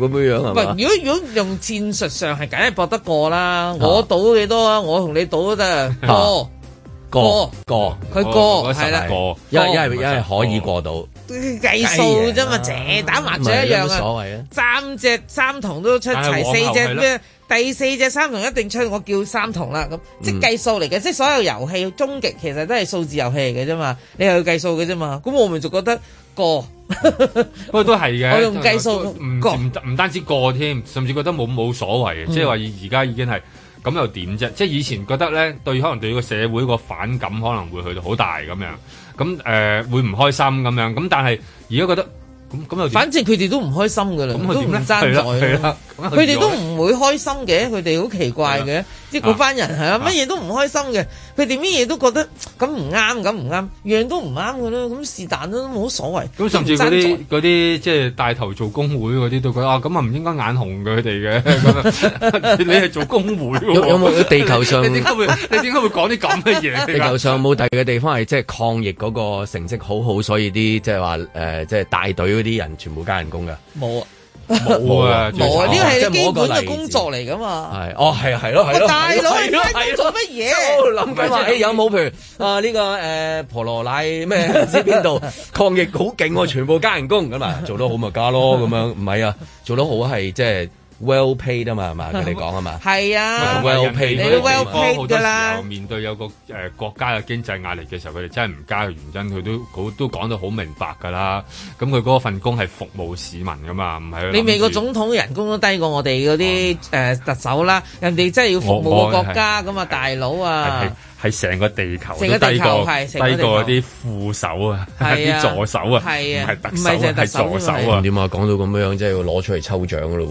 咁、啊這個、樣樣係喂，如果如果用戰術上係梗係搏得過啦，我賭幾多啊？我同你賭都得、啊，過過過，佢過係啦過，因因為因為可以過到計數啫嘛，姐打麻雀一樣啊，樣所謂啊，三隻三堂都出齊，四隻咩？第四隻三同一定出，我叫三同啦，咁即係計數嚟嘅，即係、嗯、所有遊戲，終極其實都係數字遊戲嚟嘅啫嘛，你又要計數嘅啫嘛，咁我咪就覺得過， 過，過，不過都係嘅，我用唔計數，唔唔單止過添，甚至覺得冇冇所謂、嗯、即係話而家已經係咁又點啫？即係以前覺得咧，對可能對個社會個反感可能會去到好大咁樣，咁誒、呃、會唔開心咁樣，咁但係而家覺得。反正佢哋都唔開心噶啦，都唔爭在佢哋都唔會開心嘅，佢哋好奇怪嘅。即係嗰班人係啊，乜嘢都唔開心嘅，佢哋乜嘢都覺得咁唔啱，咁唔啱，樣都唔啱嘅啦，咁是但都冇所謂。咁、嗯、甚至嗰啲啲即係帶頭做工會嗰啲都覺得啊，咁啊唔應該眼紅佢哋嘅。你係做工會，有冇地球上會 你？你點解會？你點解會講啲咁嘅嘢？地球上冇第二個地方係即係抗疫嗰個成績好好，所以啲即係話誒，即係帶隊嗰啲人全部加人工㗎。冇啊！冇啊，呢個係基本嘅工作嚟噶嘛。係，哦，係啊，係咯，係咯。大佬你喺度做乜嘢？諗緊話，誒、欸，有冇譬如啊呢、這個誒、呃、婆羅奶咩唔知邊度抗疫好勁， 全部加人工噶嘛？做得好咪加咯，咁樣唔係啊？做得好係即係。Well paid 啊、right? 嘛、嗯，係嘛？佢哋講啊嘛，係啊。就是、well paid，你都 well paid 好多時候啦，面對有個誒國家嘅經濟壓力嘅時候，佢哋真係唔加嘅原因，佢都好都講到好明白㗎啦。咁佢嗰份工係服務市民㗎嘛，唔係你美國總統人工都低過我哋嗰啲誒特首啦，人哋真係要服務個國家咁啊，大佬啊！係成個地球都低過低過啲副手啊，啲、啊啊啊啊、助手啊，唔係、啊特，啊啊、特首啊，係助手啊。點、哎、啊？講到咁樣樣、即係、要攞出嚟抽獎噶咯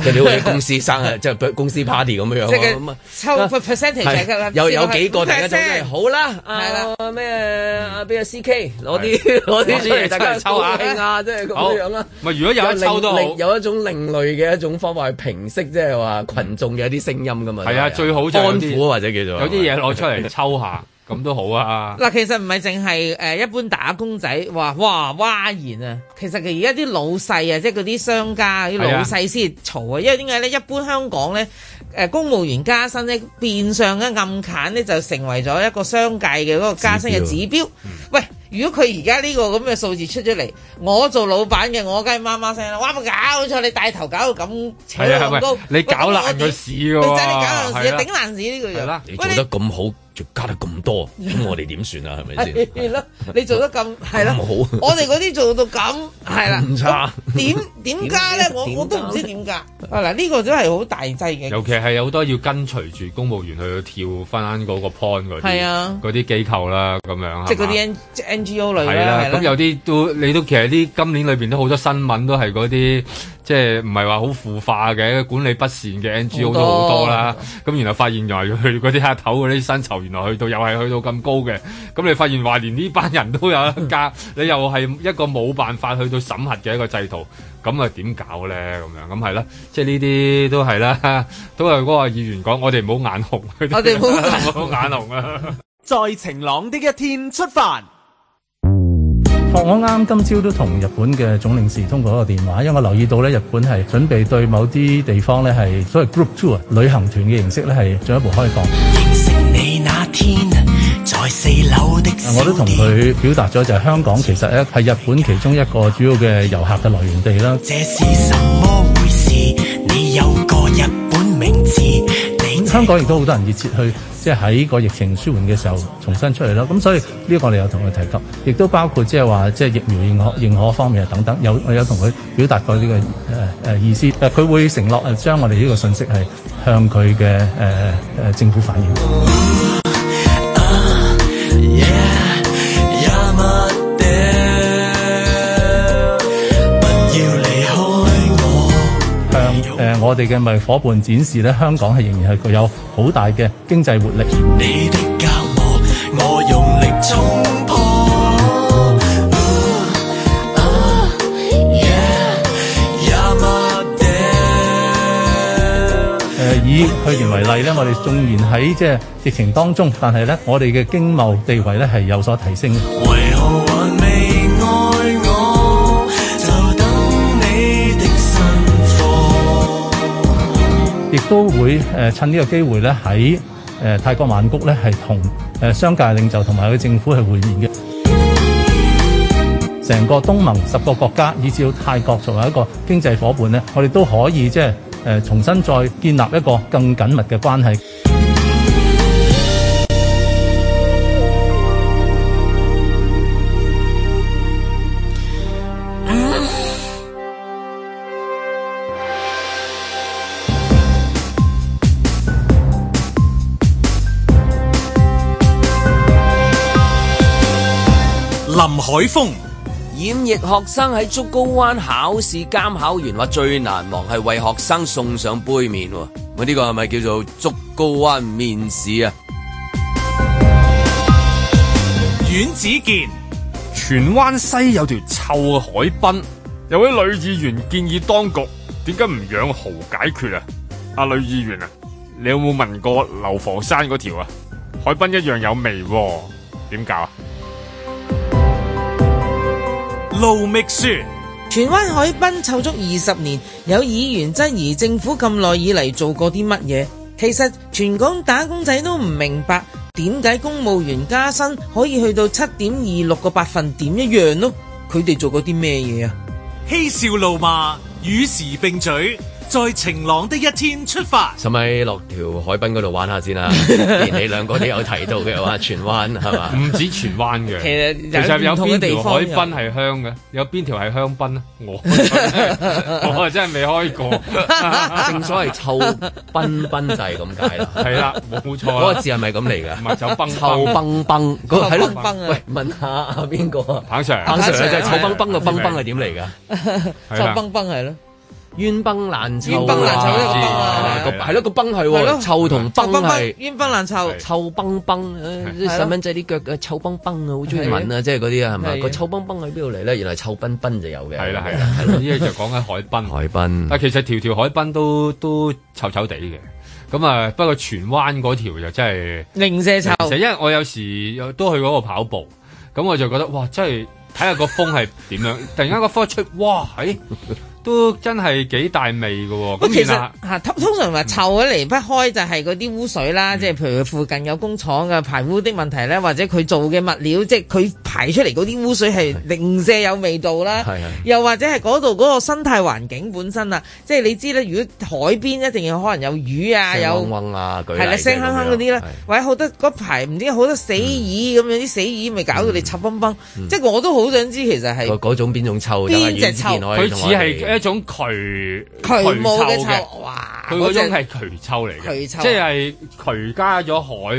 喎，即係啲公司生日，即、就、係、係、公司 party 咁樣樣咯。抽 percentage 嘅有有幾個嚟嘅就，好啦，啊咩啊邊啊 CK 攞啲攞啲出嚟大家抽下啊，即係咁樣樣啦。唔如果有到，有一種另類嘅一種方法去平息，即係話群眾嘅一啲聲音噶嘛。係啊，最好安撫或者叫做有啲嘢攞出嚟。啊啊啊抽下咁都好啊！嗱，其實唔係淨係誒，一般打工仔話哇嘩然啊，其實佢而家啲老細啊，即係嗰啲商家啲老細先嘈啊，因為點解咧？一般香港咧，誒，公務員加薪咧，變相咧暗砍咧，就成為咗一個商界嘅嗰個加薪嘅指標，指標、嗯。喂，如果佢而家呢個咁嘅數字出咗嚟，我做老闆嘅,我梗係媽媽聲啦！哇，冇搞錯，你帶頭搞到咁扯咁高，啊，你搞爛個市喎，啊，真係你搞到嘢頂爛市呢，啊啊這個、啊、你做得咁好。就加得咁多，咁我哋點算啊？係咪先？咯，你做得咁係啦，好我哋嗰啲做到咁係啦，唔 差。點點加咧？我呢我都唔知點加。啊嗱，呢個都係好大劑嘅。尤其係有好多要跟隨住公務員去跳翻嗰個 point 嗰啲，係啊，嗰啲機構啦咁樣。即係嗰啲 N N G O 類啦。係啦，啊，咁，啊啊、有啲都你都其實啲今年裏面都好多新聞都係嗰啲。 即係唔係話好腐化嘅，管理不善嘅 NGO 都好多啦。咁然後發現原來去嗰啲黑頭嗰啲薪酬原來去到又係去到咁高嘅。咁你發現話連呢班人都有一家， 你又係一個冇辦法去到審核嘅一個制度。咁啊點搞咧？咁樣咁係啦，即係呢啲都係啦，都係嗰個議員講，我哋唔好眼紅。我哋唔好眼紅啊！在晴朗的一天出發。我啱今朝都同日本嘅總領事通過一個電話，因為我留意到呢，日本係準備對某啲地方呢，係所謂 group tour 旅行團嘅形式呢，係進一步開放的認識你那天在四樓的。我都同佢表達咗，就係香港其實係日本其中一個主要嘅遊客嘅來源地啦。香港亦都好多人熱切去，即係喺個疫情舒緩嘅時候重新出嚟囉。咁所以呢個我哋有同佢提及，亦都包括即係話即係疫苗認可認可方面啊，等等。有我有同佢表達過呢個、呃、意思。佢會承諾將我哋呢個信息係向佢嘅、呃、政府反映。我哋嘅咪伙伴展示咧，香港係仍然係具有好大嘅經濟活力。誒，我用力 uh, uh, yeah, yeah, 以去年為例咧，我哋縱然喺即係疫情當中，但係咧，我哋嘅經貿地位咧係有所提升嘅。都會趁呢個機會咧，喺泰國曼谷咧，係同誒商界領袖同埋佢政府去會面嘅。成個東盟十個國家，以至到泰國作為一個經濟伙伴咧，我哋都可以即係重新再建立一個更緊密嘅關係。林海峰，染疫學生喺竹篙灣考試監考員話，最難忘係為學生送上杯麵、這個、是是麵，我呢個係咪叫做竹篙灣面試啊？阮子健，荃灣西有條臭嘅海濱，有位女議員建議當局點解唔養蠔解決啊？阿女議員啊，你有冇聞過流浮山嗰條啊？海濱一樣有味，點搞？啊？盧覓雪，荃灣海濱湊足二十年，有議員質疑政府咁耐以嚟做過啲乜嘢？其實全港打工仔都唔明白，點解公務員加薪可以去到七點二六個百分點一樣咯？佢哋做過啲咩嘢啊？嬉笑怒罵，與時並舉。在晴朗的一天出發，使咪落條海濱嗰度玩下先啦。連你兩個都有提到嘅話，荃灣係嘛？唔止荃灣嘅，其實有邊條海濱係香嘅？有邊條係香檳我 我真係未開過，正所謂臭崩崩就係咁解啦。係、嗯、啦，冇錯，嗰、那個字係咪咁嚟嘅？唔係臭濱，臭崩崩嗰個係、啊、喂，問下邊個啊？彭 Sir，彭 Sir，彭 Sir 就係臭崩崩嘅崩崩係點嚟嘅？臭崩崩係咯。冤崩爛臭，冤崩爛臭呢個崩啊，個係咯個崩係，臭同崩係，冤崩爛臭，臭崩崩，誒啲細蚊仔啲腳臭崩崩啊，好中意聞啊，即係嗰啲啊，係咪個臭崩崩喺邊度嚟咧？原來臭崩崩就有嘅，係啦係啦，呢啲就講緊海濱，海濱啊，其實條條海濱都都臭臭哋嘅，咁啊，不過荃灣嗰條就真係零舍臭，其實 因為我有時又都去嗰個跑步，咁我就覺得哇，真係睇下個風係點樣，突然間個風一出，哇，誒。都真係幾大味㗎喎！咁其實通常話臭咧離不開就係嗰啲污水啦、嗯，即係譬如佢附近有工廠嘅排污的問題咧，或者佢做嘅物料，即係佢排出嚟嗰啲污水係零舍有味道啦。又或者係嗰度嗰個生態環境本身啊，即係你知咧，如果海邊一定要可能有魚啊，有係啦，聲哼哼嗰啲啦，或者好多嗰排唔知好多死魚咁樣啲死魚，咪搞到你臭崩崩。即係我都好想知其實係嗰、嗯、種邊種臭，邊隻臭，佢似一種渠渠臭嘅，哇！佢嗰種係渠臭嚟嘅，即係渠加咗海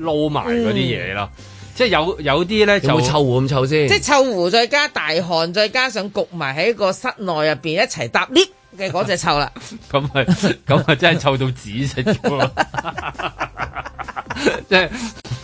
撈埋嗰啲嘢咯，即係有有啲咧就臭狐咁臭先，即係臭狐，再加大汗，再加上焗埋喺個室內入邊一齊搭 lift。嘅嗰隻臭啦 ，咁咪，咁係真係臭到紫色、 就是，即係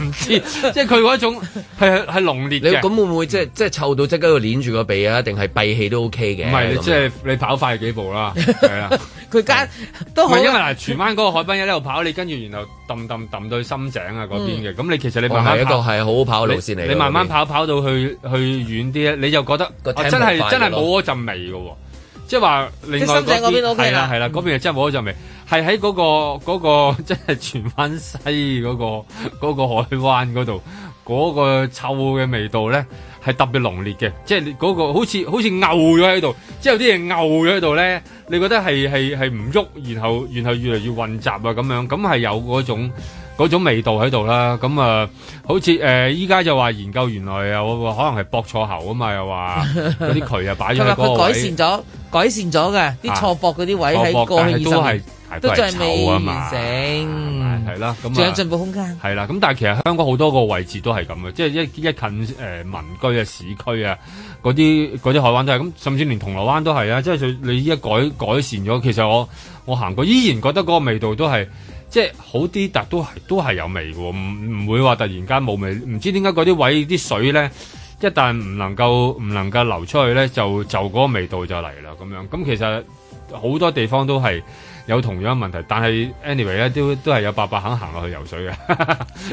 唔知，即係佢嗰種係係濃烈嘅、就是。咁會唔會即係即係臭到即刻要捻住個鼻啊？定係閉氣都 OK 嘅。唔係，即係你，、就是、你跑快幾步啦。係 啊，佢間、嗯，都係因為嗱，荃灣嗰個海濱一度跑，你跟住然後揼揼揼到深井啊嗰邊嘅。咁你、嗯、其實你慢慢跑係一個係好跑路線嚟。你慢慢跑跑到去去遠啲咧，你就覺得、啊、真係真係冇嗰陣味嘅。即係話，另外嗰啲係啦係啦，嗰邊真係冇咗陣味，係喺嗰個嗰個，即係荃灣西嗰個嗰個海灣嗰度，嗰個臭嘅味道咧係特別濃烈嘅，即係嗰個好似好似嘔咗喺度，即係有啲嘢嘔咗喺度咧，你覺得係係係唔喐，然後然後越嚟越混雜啊咁樣，咁係有嗰種。嗰種味道喺度啦，咁啊、嗯，好似誒依家就話研究原來又可能係駁錯喉啊嘛，又話嗰啲渠啊擺咗喺高位。佢改善咗，改善咗嘅啲錯駁嗰啲位喺、啊、過去是都係都係未完成，係啦，咁、啊、仲有進步空間。係、啊、啦，咁但係其實香港好多個位置都係咁嘅，即、就、係、是、一一近誒、呃、民居啊、市區啊嗰啲嗰啲海灣都係咁，甚至連銅鑼灣都係啊！即、就、係、是、你依家改改善咗，其實我我行過依然覺得嗰個味道都係。即係好啲，但都係都係有味喎。唔唔會話突然間冇味。唔知點解嗰啲位啲水咧，一旦唔能夠唔能夠流出去咧，就就嗰個味道就嚟啦咁樣。咁其實好多地方都係。有同樣嘅問題，但係 anyway 咧都都係有伯伯肯行落去游水嘅，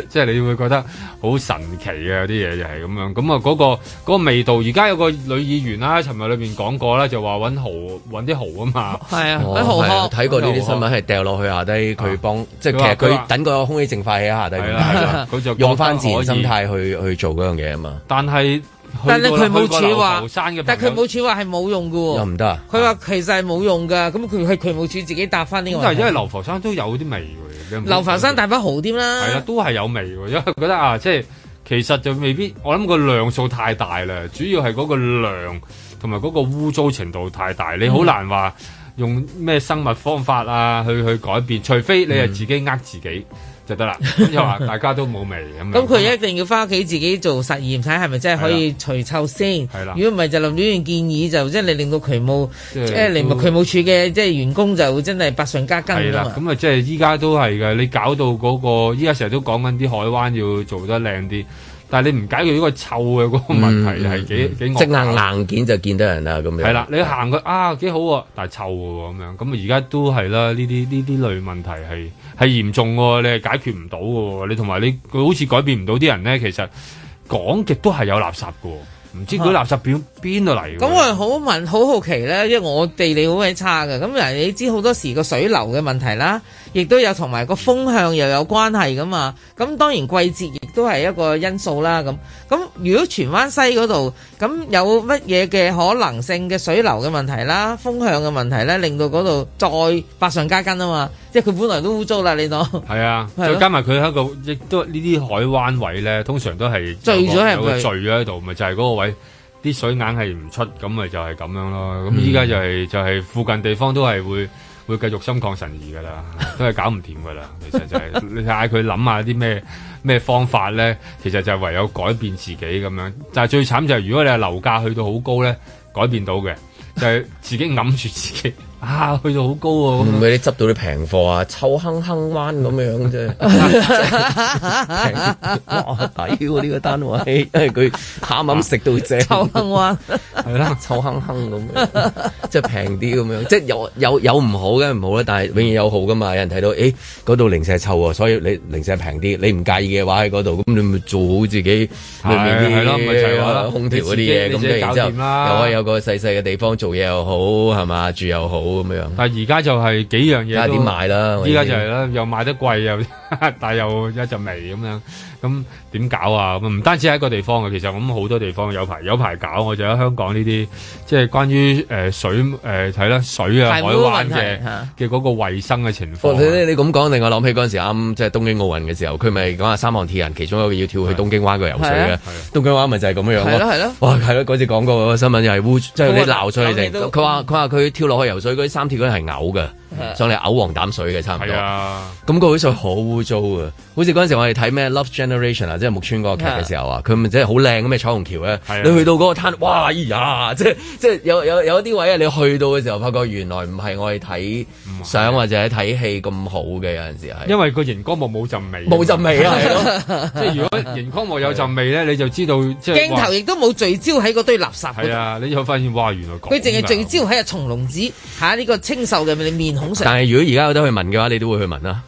即係你會覺得好神奇啊！啲嘢就係咁樣，咁啊嗰個味道。而家有個女議員啦、啊，尋日裏邊講過咧，就話揾蠔，揾啲蠔啊嘛，係啊，揾、哦、蠔殼睇、啊、過呢啲新聞係掉落去下低，佢、啊啊、幫即係佢等個空氣淨化器下低。佢就、啊、 用翻自然心態去 去做嗰樣嘢啊嘛。但係。但係佢冇似話，但係佢冇似話係冇用㗎喎。又唔得啊。佢話其實係冇用㗎！咁佢係佢冇似自己搭翻呢個問題。但就因為流浮山都有啲味喎。流浮山大把好啲啦。係啊，都係有味喎。因為覺得啊，即係其實就未必。我諗個量數太大啦。主要係嗰個量同埋嗰個污糟程度太大。你好難話用咩生物方法啊去去改變。除非你係自己呃自己。嗯 就得啦，又話大家都冇味咁。咁 佢一定要翻屋企自己做實驗睇，係咪真係可以除臭先？係啦。如果唔係就林總員建議就即係令到渠務，即係你渠務處嘅即係員工就真係百上加斤啦。咁啊，即係依家都係嘅。你搞到嗰、那個依家成日都講緊啲海灣要做得靚啲。但係你唔解決呢個臭嘅嗰個問題係、嗯、幾幾硬硬件，就見到人啦咁樣。係啦，你行佢啊，幾好啊，但係臭喎。咁樣，咁而家都係啦，呢啲呢啲類問題係係嚴重，你係解決唔到喎。你同埋你佢好似改變唔到啲人咧，其實講極都係有垃圾嘅，唔知佢垃圾邊邊度嚟。咁、嗯嗯、我好問好好奇咧，因為我地理好鬼差嘅，咁你知好多時個水流嘅問題啦。亦都有同埋個風向又有關係噶嘛，咁當然季節亦都係一個因素啦。咁咁如果荃灣西嗰度咁有乜嘢嘅可能性嘅水流嘅問題啦、風向嘅問題咧，令到嗰度再百上加斤啊嘛，即係佢本來都污糟啦，你諗？係啊，再、啊、加埋佢喺個亦都呢啲海灣位咧，通常都係聚咗喺度，聚咗喺度，咪就係、是、嗰個位啲水硬係唔出，咁咪就係咁樣咯。咁依家就係、是、就係、是、附近地方都係會。會繼續心曠神怡噶啦，都係搞唔掂噶啦。其實就係、是、你嗌佢諗下啲咩咩方法咧，其實就係唯有改變自己咁樣。但係最慘就係、是、如果你係樓價去到好高咧，改變到嘅就係、是、自己揞住自己。 啊，去到好高喎！唔係你執到啲平貨啊，臭坑坑灣咁樣啫，平落底喎呢個單位，啊、因為佢啱啱食到正。臭坑灣，係 啦，臭坑坑咁樣，即係平啲咁樣， 即係 有有有唔好嘅，唔好啦，但係永遠有好噶嘛，有人睇到誒嗰度零舍臭喎，所以你零舍平啲，你唔介意嘅話喺嗰度，咁你咪做好自己嗰啲空調嗰啲嘢，咁然之後又可以有個細細嘅地方做嘢又好，係嘛住又好。啊！但係而家就係幾樣嘢都，依家賣啦？依家就係啦，又賣得貴又。 但又有一陣味咁樣，咁點搞啊？咁唔單止喺一個地方嘅，其實咁好多地方有排有排搞。我就喺香港呢啲，即係關於誒、呃、水誒睇啦，水啊海灣嘅嘅嗰個衞生嘅情況。哦、你你咁講，令我諗起嗰陣時啱即係東京奧運嘅時候，佢咪講話三項鐵人其中一個要跳去東京灣度游水嘅、啊啊，東京灣咪就係咁樣樣咯、啊啊。哇，係咯嗰次講過嗰個新聞又係污，即、就、係、是嗯就是、你鬧出去佢話佢話佢跳落去游水嗰啲三鐵嗰啲係嘔嘅。想你嘔黃膽水嘅差唔多，咁嗰啲水好污糟啊！好似嗰陣時候我哋睇咩 Love Generation 啊，即係木村嗰個劇嘅時候啊，佢咪真係好靚咁嘅彩虹橋咧。你去到嗰個灘，哇，依、哎、啊，即係即係有有有啲位啊，你去到嘅時候發覺原來唔係我哋睇相或者睇戲咁好嘅，有陣時係。因為個熒光幕冇陣味，冇陣味啊！即 係如果熒光幕有陣味咧，你就知道即係鏡頭亦都冇聚焦喺嗰堆垃圾。係啊，你又發現哇，原來佢淨係聚焦喺 啊松隆子吓呢個清秀嘅面。但係如果而家有得去問嘅話，你都會去問啦。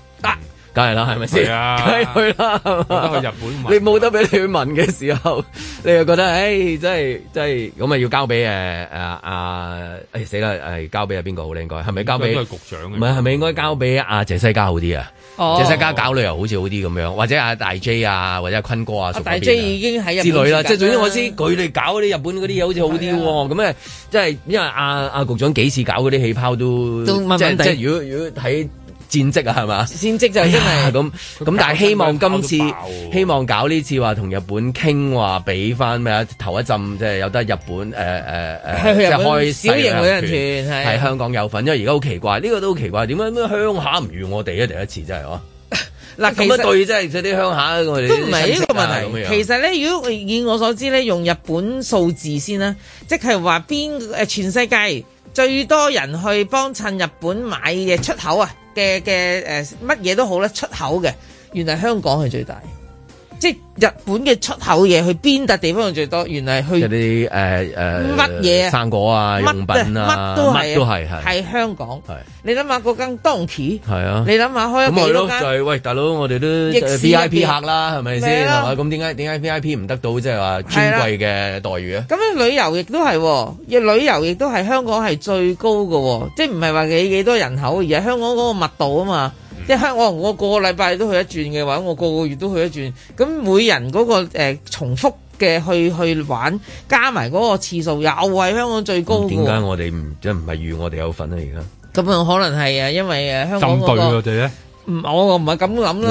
係啦，係咪先？梗係、啊、去啦，啊、日本。你冇得俾你去問嘅時候， 你又覺得誒、哎，真係真係咁啊，要交俾誒阿誒死啦！誒、哎，交俾阿邊個好咧？應該係咪交俾？應該局長。唔係，係咪應該交俾阿謝西嘉好啲啊？謝西嘉、啊哦、搞旅遊好似好啲咁樣，或者阿、啊、大 J 啊，或者、啊、坤哥啊，啊，啊。大 J 已經喺日本之類啦，即係總之我知佢哋搞嗰啲日本嗰啲嘢好似好啲喎、啊。咁、嗯、咧，即係、啊啊、因為阿、啊、阿、啊、局長幾次搞嗰啲氣泡都，都慢慢即係如果如果睇。戰績啊，係嘛？戰績就係哎、真係咁咁，但係希望今次、啊、希望搞呢次話同日本傾話，俾翻咩啊？頭一陣即係有得日本誒誒誒，即係開小型旅行團，係香港有份。因為而家好奇怪，呢、呢個都好奇怪，點解咩鄉下唔如我哋咧？第一次真係嗱咁多對真係啲鄉下我，我哋都唔係呢個問題。其實咧，如果以我所知咧，用日本數字先啦，即係話邊誒全世界，最多人去幫襯日本買嘢出口啊，嘅嘅誒乜嘢都好啦，出口嘅，原來香港係最大。即係日本嘅出口嘢，去邊笪地方用最多？原嚟去啲誒誒乜嘢生果啊、用品啊，乜乜都係，係香港。你諗下嗰間 Donkey，你諗下開一間、咁咪咯、喂，大佬，我哋都 V I P 客啦，係咪先？咁點解點解 V I P 唔得到即係話尊貴嘅待遇啊？咁樣旅遊亦都係，喎，旅遊亦都係香港係最高嘅，即係唔係話幾幾多人口，而係香港嗰個密度啊嘛。即係香港，我個個禮拜都去一轉嘅話，我個個月都去一轉。咁每人嗰、那個、呃、重複嘅去去玩，加埋嗰個次數又係香港最高。點解我哋唔即唔係預我哋有份啊？而家咁啊，可能係啊，因為誒香港嗰對我哋咧。唔，我我唔係咁諗漏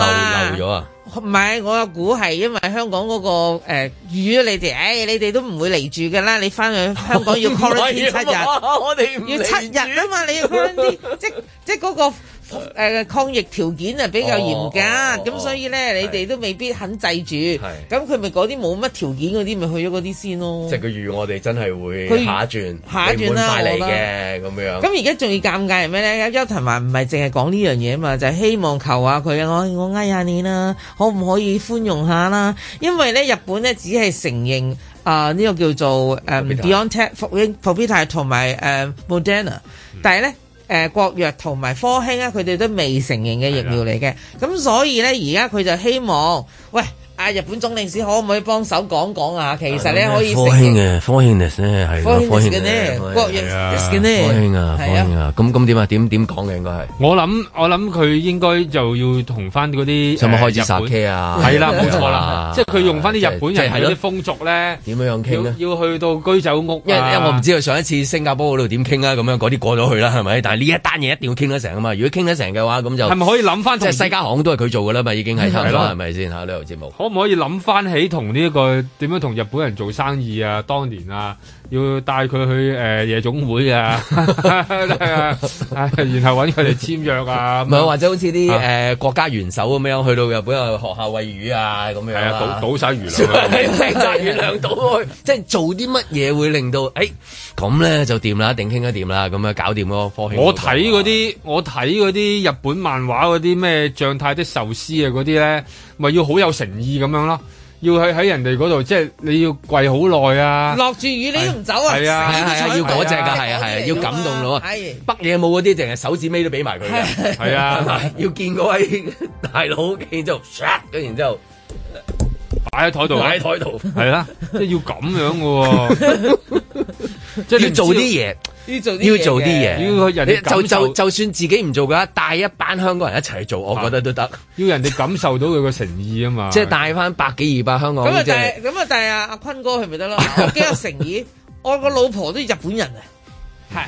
流咗啊！唔係，我估係因為香港嗰、那個誒、呃、預咗你哋，誒、哎、你哋都唔會嚟住嘅啦。你翻去香港要七日、 啊，我哋要七日啊嘛！你要翻啲 即即嗰、那個。誒、呃、抗疫條件啊比較嚴格，咁、哦哦哦、所以咧你哋都未必肯制住，咁佢咪嗰啲冇乜條件嗰啲咪去咗嗰啲先咯。即係個預我哋真係會下轉下轉啦、啊，我覺得。咁而家仲要尷尬係咩咧？邱騰華唔係淨係講呢樣嘢啊嘛，就是、希望求下佢啊、哎，我我哀下你啦，可唔可以寬容下啦？因為咧日本咧只係承認啊呢、呃這個叫做誒 BioNTech 復必泰同埋誒 Moderna，、嗯、但係咧。誒、呃、國藥同埋科興啊，佢哋都未成型嘅疫苗嚟嘅，咁所以呢，而家佢就希望，喂。啊！日本總領事可唔可以幫手講講啊？其實咧、科興啊、可以嘅，科興啊，科興啊，係啊，咁咁點啊？點點講嘅應該係。我諗我諗佢應該就要同翻嗰啲。想唔想開始啊？係啦，冇錯啦，即係佢用翻啲日本人係啲風俗咧，點、就是、樣樣傾要，要去到居酒屋，啊，因為我唔知道上一次新加坡度點傾啊？咁樣嗰啲過咗去啦，係咪？但係呢一單嘢一定要傾得成啊嘛！如果傾得成嘅話，咁就係咪可以諗翻？即係世間行都係佢做㗎啦嘛，已經係咪先節目？可唔可以諗翻起同呢一個點樣同日本人做生意啊？當年啊？要帶佢去誒、呃、夜總會啊， 然後搵佢哋簽約啊，唔 係或者好似啲誒國家元首咁樣，去到日本去學校餵魚啊咁樣，係啊，倒晒曬魚糧、啊，賺 魚糧倒， 即係做啲乜嘢會令到誒咁咧就掂啦，一定傾得掂啦，咁啊搞掂咯、那個。我睇嗰啲我睇嗰啲日本漫畫嗰啲咩將太的壽司啊嗰啲咧，咪 要好有誠意咁樣咯。要喺喺人哋嗰度，即係你要跪好耐啊！落住雨你都唔走啊！係啊係啊要嗰隻噶，係啊係啊，啊，要感動到啊，啊！北野武嗰啲淨係手指尾都俾埋佢嘅，係啊，啊，啊，要見嗰位大佬，然之後，跟然之後擺喺台度，擺喺台度，係啦，即係、 啊就是、要咁樣嘅、啊，即 係 要做啲嘢。要做啲嘢，要人哋就就就算自己唔做嘅話，帶一班香港人一齊做，我覺得都得。要人哋感受到佢嘅誠意啊嘛，即係帶翻百幾二百香港人。咁 啊，但係咁啊，但係阿坤哥係咪 得咯？我幾有誠意，我個老婆都日本人啊，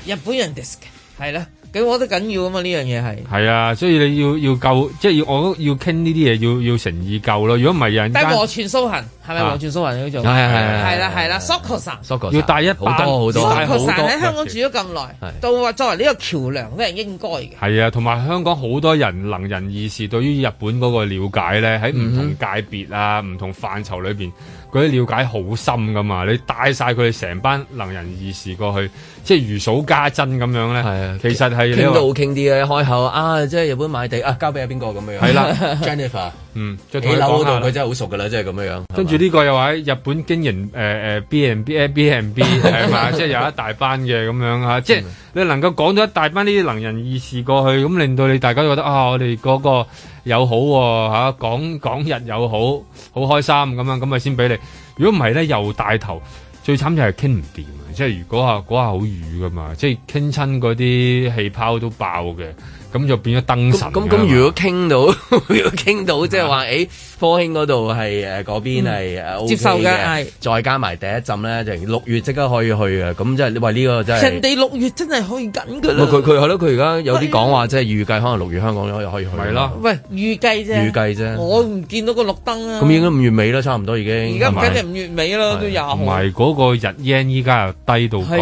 係日本人です係啦。咁我都緊要啊嘛，呢樣嘢係係啊，所以你要要夠即係要我要傾呢啲嘢要要誠意夠咯。如果唔係人，但我串蘇恒係咪羅串蘇恒嗰種係係係係啦係啦 Sakosan，Sakosan 要帶一多好多 Sakosan 喺香港住咗咁耐，到作為呢個橋梁，都係應該嘅。係啊，同埋香港好多人能人異士，對於日本嗰個了解咧，喺唔同界別啊，唔同範疇裏面。佢啲了解好深噶嘛？你帶晒佢哋成班能人異士過去，即係如數家珍咁樣咧。係啊，其實係傾到傾傾啲嘅開口啊，即係日本買地啊，交俾阿邊個咁樣。係啦，Jennifer，嗯，喺幾樓嗰度佢真係好熟噶啦，即係咁樣。跟住呢個又話喺日本經營誒、呃呃、B and B 啊，B and B 係嘛？即 係有一大班嘅咁樣啊，即係你能夠講到一大班呢啲能人異士過去，咁令到你大家都覺得啊，我哋嗰個。有好嚇、啊，講、啊、講日又好好開心咁樣咁咪先俾你。呢如果唔係咧，又帶頭最慘就係傾唔掂啊！即係如果嗰下好瘀噶嘛，即係傾親嗰啲氣泡都爆嘅，咁就變咗燈神。咁咁如果傾到， 如果傾聊到 即係話誒。欸科興嗰度係誒嗰邊係、啊嗯 okay、接受嘅，再加埋第一陣咧就六月即刻可以去嘅，咁即係喂呢個真係人哋六月真係去緊㗎。佢佢係咯，佢而家有啲講話即係、就是、預計可能六月香港又可以去。係啦，喂預計啫，預計啫，我唔見到個綠燈啊。咁應該五月尾啦，差唔多已經。而家唔緊係五月尾啦，都有。同埋嗰個日 yen 依家又低到咁開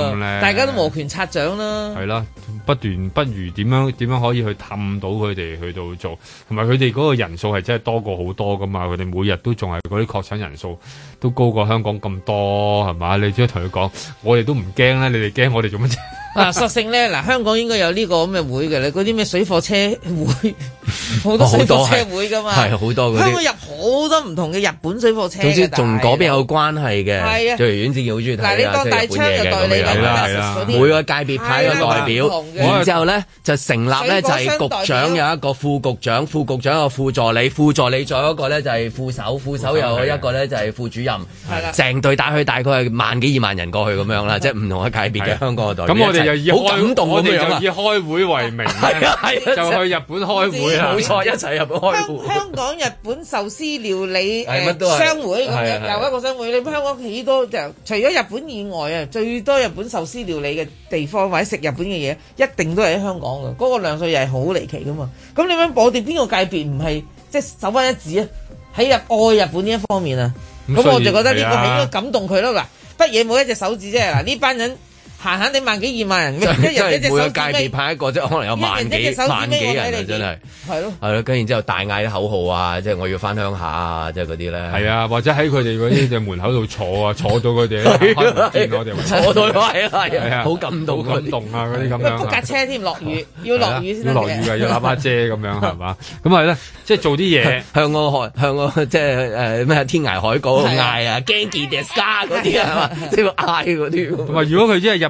心咧、啊，大家都摩拳擦掌啦。係啦、啊，不斷不如點樣點樣可以去氹到佢哋去到做，同埋佢哋嗰個人數係真係多。過好多噶嘛，佢哋每日都仲係嗰啲確診人數都高過香港咁多，係嘛？你只要同佢講，我哋都唔驚咧，你哋驚我哋做乜啫？嗱 啊，實性咧，嗱，香港應該有呢個咁嘅會嘅你嗰啲咩水貨車會，好多水貨車會噶嘛，係、啊、好多，多。香港入好多唔同嘅日本水貨車，總之同嗰邊有關係嘅。係啊，幼兒園好中意睇呢，嗱、啊，你當大槍就當、啊啊啊、每個界別派一個代表，啊、然之後咧就成立咧就係局長有一個副局長，副局長有一個副助理，副助理。你再有一個咧就係副手，副手又一個咧就係副主任，成隊打去大概係萬幾二萬人過去咁樣啦，即係唔同嘅界別嘅香港嘅代。咁我哋就以開，感動樣我哋就以開會為名，啊、就去日本開會，冇錯，一齊日本開會。香港日本壽司料理誒商會咁又一個商會。你香港幾多就除咗日本以外啊，最多日本壽司料理嘅地方或者食日本嘅嘢，一定都係喺香港嘅。嗰、嗯嗰個量數又係好離奇嘅嘛。咁你諗我哋邊個界別唔係？即、就、係、是、首屈一指啊！喺日愛日本呢一方面啊，咁我就覺得呢個係應該感動佢咯。嗱，乜嘢冇一隻手指啫嗱，呢班人。行行你萬幾二萬人，即係每個界別派一個，即係可能有萬幾萬幾人啊！真係係咯，係咯，跟然之後大嗌啲口號啊，即係我要翻鄉下啊，即係嗰啲咧。係啊，或者喺佢哋嗰啲嘅門口度坐啊， 坐到佢他哋 坐到係啦，好感動，好感動啊！嗰啲咁樣，撲架車添，落雨要落雨先嘅，要攬把遮咁樣係嘛？咁係咧，即係做啲嘢向我向我即係誒咩天涯海角去嗌啊 Gangster Scar 嗰啲係嘛？即係嗌嗰啲。如果佢真係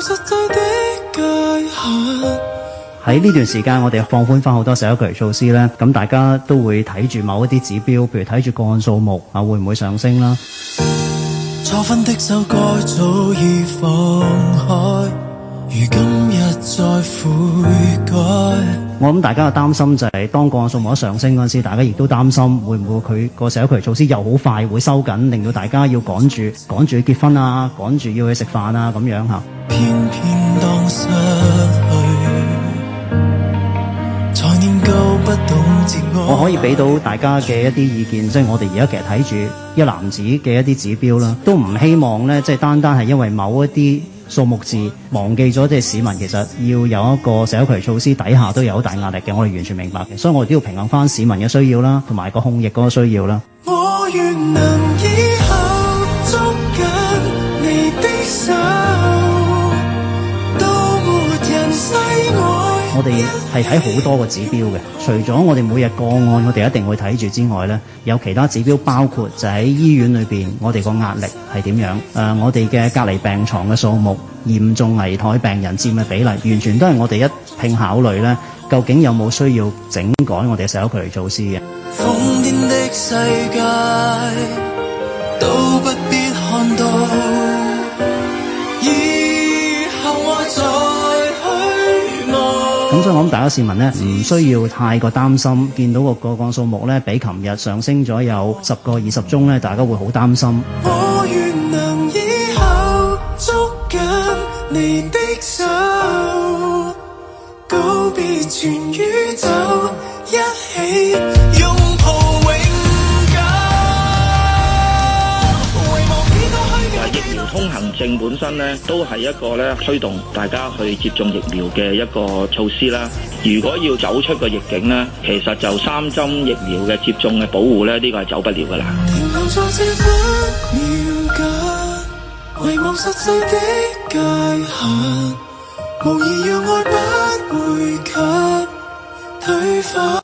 實在的界限。喺呢段時間，我哋放寬返好多社交距離措施咧，咁大家都會睇住某一啲指標，譬如睇住個案數目啊，會唔會上升啦？錯分的手，該早已放開。如今日再悔改，我諗大家嘅擔心就係當個案數目上升嗰陣時，大家亦都擔心會唔會佢個社區措施又好快會收緊，令到大家要趕住趕住去結婚啊，趕住要去食飯啊咁樣吓偏偏當失去。我可以俾到大家嘅一啲意見，即係我哋而家其實睇住一男子嘅一啲指標啦，都唔希望咧，即係單單係因為某一啲。數目字忘記咗，即係市民其實要有一個社區措施底下都有好大壓力嘅，我哋完全明白，嘅，所以我哋都要平衡翻市民嘅需要啦，同埋個控疫嗰個需要啦。我願能以後捉緊你的手。我哋係睇好多個指標嘅，除咗我哋每日個案，我哋一定會睇住之外呢，有其他指標，包括就喺醫院裏邊，我哋個壓力係點樣？誒、呃，我哋嘅隔離病床嘅數目、嚴重危殆病人佔嘅比例，完全都係我哋一併考慮呢，究竟有冇需要整改我哋嘅社區措施嘅？咁所以我諗大家市民呢，唔需要太過擔心，見到嗰個降數目呢，比琴日上升咗有十個二十宗呢，大家會好擔心。我原通行證本身呢，都係一個呢，推動大家去接種疫苗嘅一個措施啦。如果要走出個疫境呢，其實就三針疫苗嘅接種嘅保護呢，呢個係走不了㗎喇。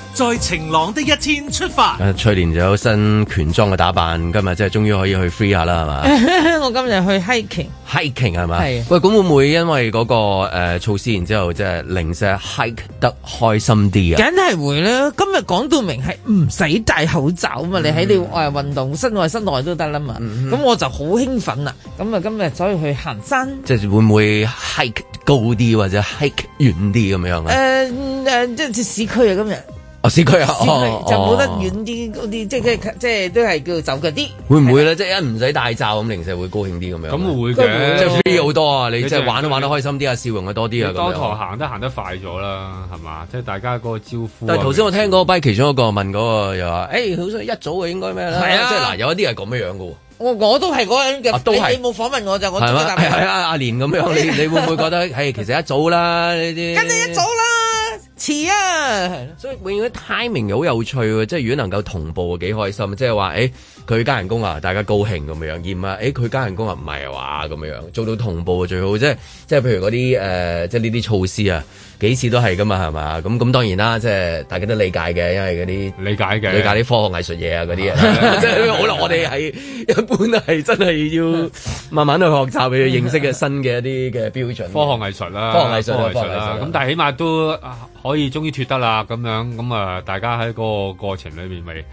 在晴朗的一天出發。誒、啊，去年就有新權裝嘅打扮，今日即係終於可以去 free 下啦，係嘛？ 我今日去 hiking，hiking 係 hiking, 嘛？係。喂，咁會唔會因為嗰、那個誒、呃、措施，然之後即係零舍 hike 得開心啲啊？梗係會啦，今日講到明係唔使戴口罩啊嘛，嗯、你喺你誒運動室外室內都得啦嘛。咁、嗯、我就好興奮啦，咁啊今日所以去行山。即係會唔會 hike 高啲或者 hike 遠啲咁樣咧？誒、呃、誒、呃，即係市市區啊今日。啊，市區啊，哦、就冇得遠啲嗰啲，即係即係都係叫走腳啲，會唔會咧？即係一唔使戴罩咁，零舍實會高興啲咁樣。咁會嘅會，即係舒服好多啊！啊即你即係玩都玩得開心啲啊，笑容啊多啲啊咁樣。台行得行得快咗啦，係嘛？即係大家個招呼、啊。但係頭先我聽嗰班其中一個問嗰個又話，誒，好、哎、似一早應該啊，應該咩係啊，即係嗱，有一啲係咁樣樣嘅喎。我我都係嗰樣嘅、啊，你你冇訪問我就，我唔係啊，阿蓮咁樣，你你會唔會覺得係其實一早啦？呢啲。跟住一早啦。遲啊，所以永遠 timing 好有趣喎，即係如果能夠同步，幾開心，即係話誒。欸佢加人工啊，大家高興咁樣樣，而唔係誒佢加人工啊，唔係話咁樣做到同步最好，即係即係譬如嗰啲誒，即係呢啲措施啊，幾次都係噶嘛，係嘛？咁咁當然啦，即係大家都理解嘅，因為嗰啲理解嘅理解啲科學藝術嘢啊嗰啲，即係好啦， 我哋係一般係真係要慢慢去學習去認識嘅新嘅一啲嘅標準。科學藝術啦，科學藝術，科學藝術啦，咁但係起碼都可以終於脫得啦咁樣，咁啊大家喺個過程裏面咪。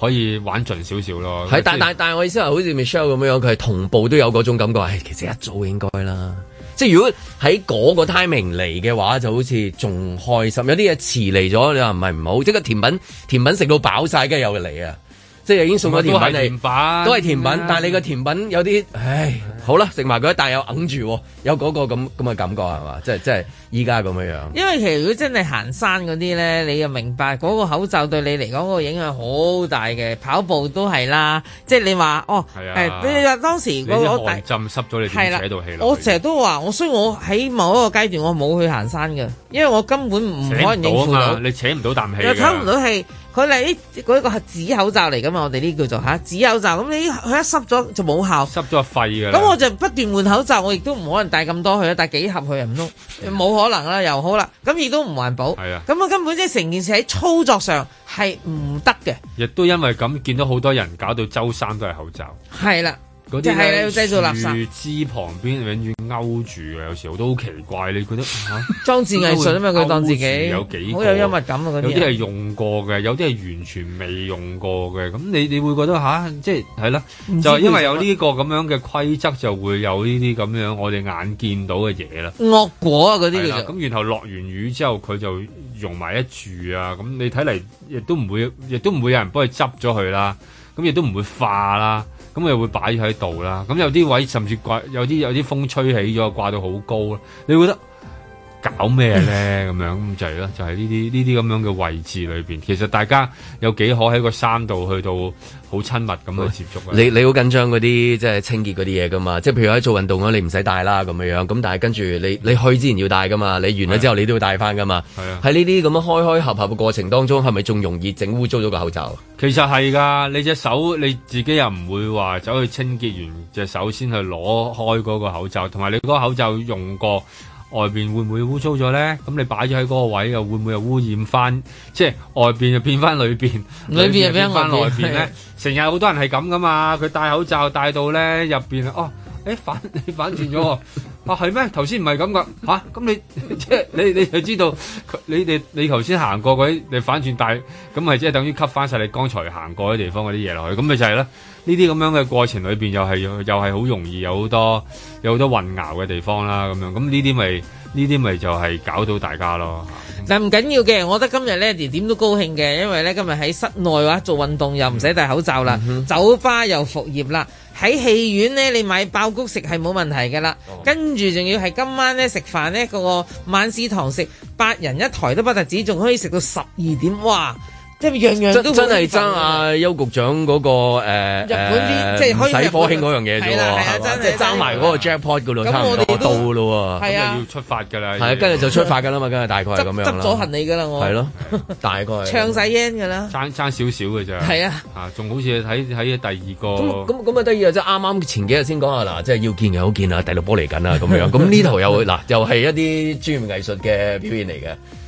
可以玩盡少少咯，但、係、但但係我意思話，好似 Michelle 咁樣，佢係同步都有嗰種感覺。哎、其實一早應該啦，即係如果喺嗰個 timing 嚟嘅話，就好似仲開心。有啲嘢遲嚟咗，你話唔係唔好，即係甜品，甜品食到飽晒梗係又嚟啊！即係已經送咗甜品嚟，都係甜品，甜品啊、但係你個甜品有啲，唉，好啦，食埋佢一啖又揞住，有嗰、嗰個咁咁嘅感覺係嘛？即係即係依家咁樣。因為其實如果真係行山嗰啲咧，你又明白嗰個口罩對你嚟講嗰個影響好大嘅，跑步都係啦。即係你話哦，誒、啊欸，你當時嗰、嗰個浸濕咗你扯，係啦，到氣啦。我成日都話，我所以我喺某一個階段我冇去行山嘅，因為我根本唔可能應付到。到你扯唔到啖氣。又唔到氣。佢哋呢個係紙口罩嚟㗎嘛？我哋呢叫做嚇紙口罩，咁你佢一濕咗就冇效，濕咗就廢㗎啦。咁我就不斷換口罩，我亦都唔可能戴咁多去，戴幾盒去又唔通冇可能啦。又好啦，咁亦都唔環保。係啊，咁我根本即係成件事喺操作上係唔得嘅。亦都因為咁見到好多人搞到周身都係口罩。係啦。即係你製造垃圾，樹枝旁邊永遠勾住啊！有時候都好奇怪，你覺得吓？裝置藝術啊嘛，佢當自己有幾好 有幽默感啊！嗰啲有啲係用過嘅，有啲係完全未用過嘅。咁你你會覺得吓、啊？即係係啦，就因為有呢個咁樣嘅規則，就會有呢啲咁樣我哋眼見到嘅嘢啦。惡果啊！嗰啲就咁、是，然後落完雨之後佢就溶埋一住啊！咁你睇嚟亦都唔會，亦都唔會有人幫佢執咗佢啦。咁亦都唔會化啦。咁又會擺喺度啦，咁有啲位甚至掛，有啲有啲風吹起咗，掛到好高啦，你會覺得？搞咩咧？咁 樣就係咯，就係呢啲呢啲咁樣嘅位置裏面。其實大家有幾可喺個山度去到好親密咁去接觸、哎、你你好緊張嗰啲即係清潔嗰啲嘢噶嘛？即係譬如喺做運動咧，你唔使戴啦咁樣樣。咁但係跟住你你去之前要戴噶嘛？你完咗之後你都要戴翻噶嘛？係啊。喺呢啲咁樣開開合合嘅過程當中，係咪仲容易整污糟咗個口罩？其實係㗎，你隻手你自己又唔會話走去清潔完隻手先去攞開嗰個口罩，同埋你嗰個口罩用過。外面會唔會污糟咗咧？咁你擺咗喺嗰個位又會唔會又污染翻？即係外面又變翻裏面，裏面又變翻外邊咧。成日好多人係咁噶嘛，佢戴口罩戴到咧入面，哦欸 啊，啊！哦，反你反轉咗，啊係咩？頭先唔係咁噶嚇，咁你即係你你就知道你你你頭先行過嗰啲，你反轉戴，咁咪即係等於吸翻晒你剛才行過啲地方嗰啲嘢落去，咁咪就係啦。呢啲咁樣嘅過程裏面，又係又係好容易有好多有好多混淆嘅地方啦，咁樣咁呢啲咪呢啲咪就係、是、搞到大家咯。但唔緊要嘅，我覺得今日呢點都高興嘅，因為呢今日喺室內話做運動又唔使戴口罩啦，酒、嗯、吧又復業啦，喺戲院呢，你買爆谷食係冇問題㗎啦、哦，跟住仲要係今晚呢食飯呢個,個晚市堂食八人一台都不得止，仲可以食到十二點哇！即樣樣真係爭阿邱局長嗰、嗰個誒、呃，日本啲即係興嗰樣嘢啫喎，即係爭埋嗰個 Jackpot 嗰咯，差唔多到喇喎，係啊，要出發㗎喇，係啊，今日就出發㗎喇嘛，今日大概係咁樣啦，執咗行李㗎喇我係咯，大概唱曬 yen 㗎喇，爭爭少少㗎咋，係啊，仲好似喺喺第二個，咁咁咁啊第二個，即係啱啱前幾日先講下嗱，即係要見又好見啊，第六波嚟緊啊，咁樣，咁呢頭又嗱又係一啲專業藝術嘅表演嚟嘅。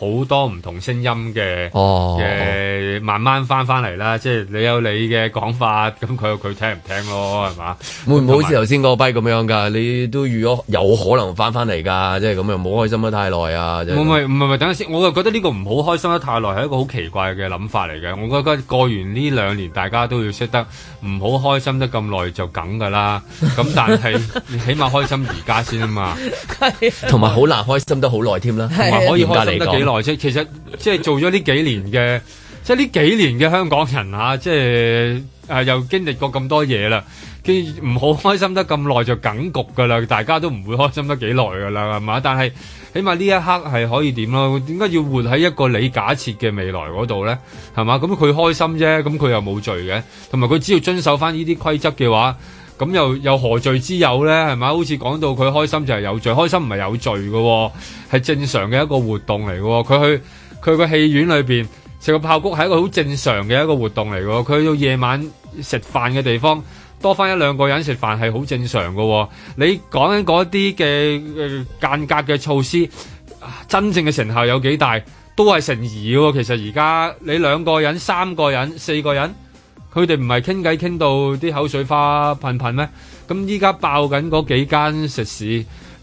好多唔同聲音嘅，嘅、哦、慢慢翻翻嚟啦。即係你有你嘅講法，咁佢佢聽唔聽咯，係、嗯、嘛？會唔會好似頭先嗰個跛咁樣㗎。你都預咗有可能翻翻嚟㗎，即係咁樣唔好開心得太耐啊。唔係唔係等陣先。我係覺得呢個唔好開心得太耐係一個好奇怪嘅諗法嚟嘅。我覺得過完呢兩年，大家都要識得唔好開心得咁耐就梗㗎啦。咁 但係起碼開心而家先啊嘛，同埋好難開心得好耐添啦，同埋、啊、可以而家來其實即係做咗呢幾年嘅，即係呢幾年嘅香港人啊，即係啊又經歷過咁多嘢啦，既唔好開心得咁耐就梗局㗎啦，大家都唔會開心得幾耐㗎啦，係嘛？但係起碼呢一刻係可以點咯？點解要活喺一個你假設嘅未來嗰度咧？係嘛？咁佢開心啫，咁佢又冇罪嘅，同埋佢只要遵守返呢啲規則嘅話。咁又又何罪之有咧？係咪？好似講到佢開心就係有罪，開心唔係有罪嘅，係正常嘅一個活動嚟嘅。佢去佢個戲院裏邊食個爆谷係一個好正常嘅一個活動嚟嘅。佢去到夜晚食飯嘅地方多翻一兩個人食飯係好正常嘅。你講緊嗰啲嘅間隔嘅措施，真正嘅成效有幾大？都係成疑嘅。其實而家你兩個人、三個人、四個人。佢哋唔係傾偈傾到啲口水花噴噴咩？咁依家爆緊嗰幾間食肆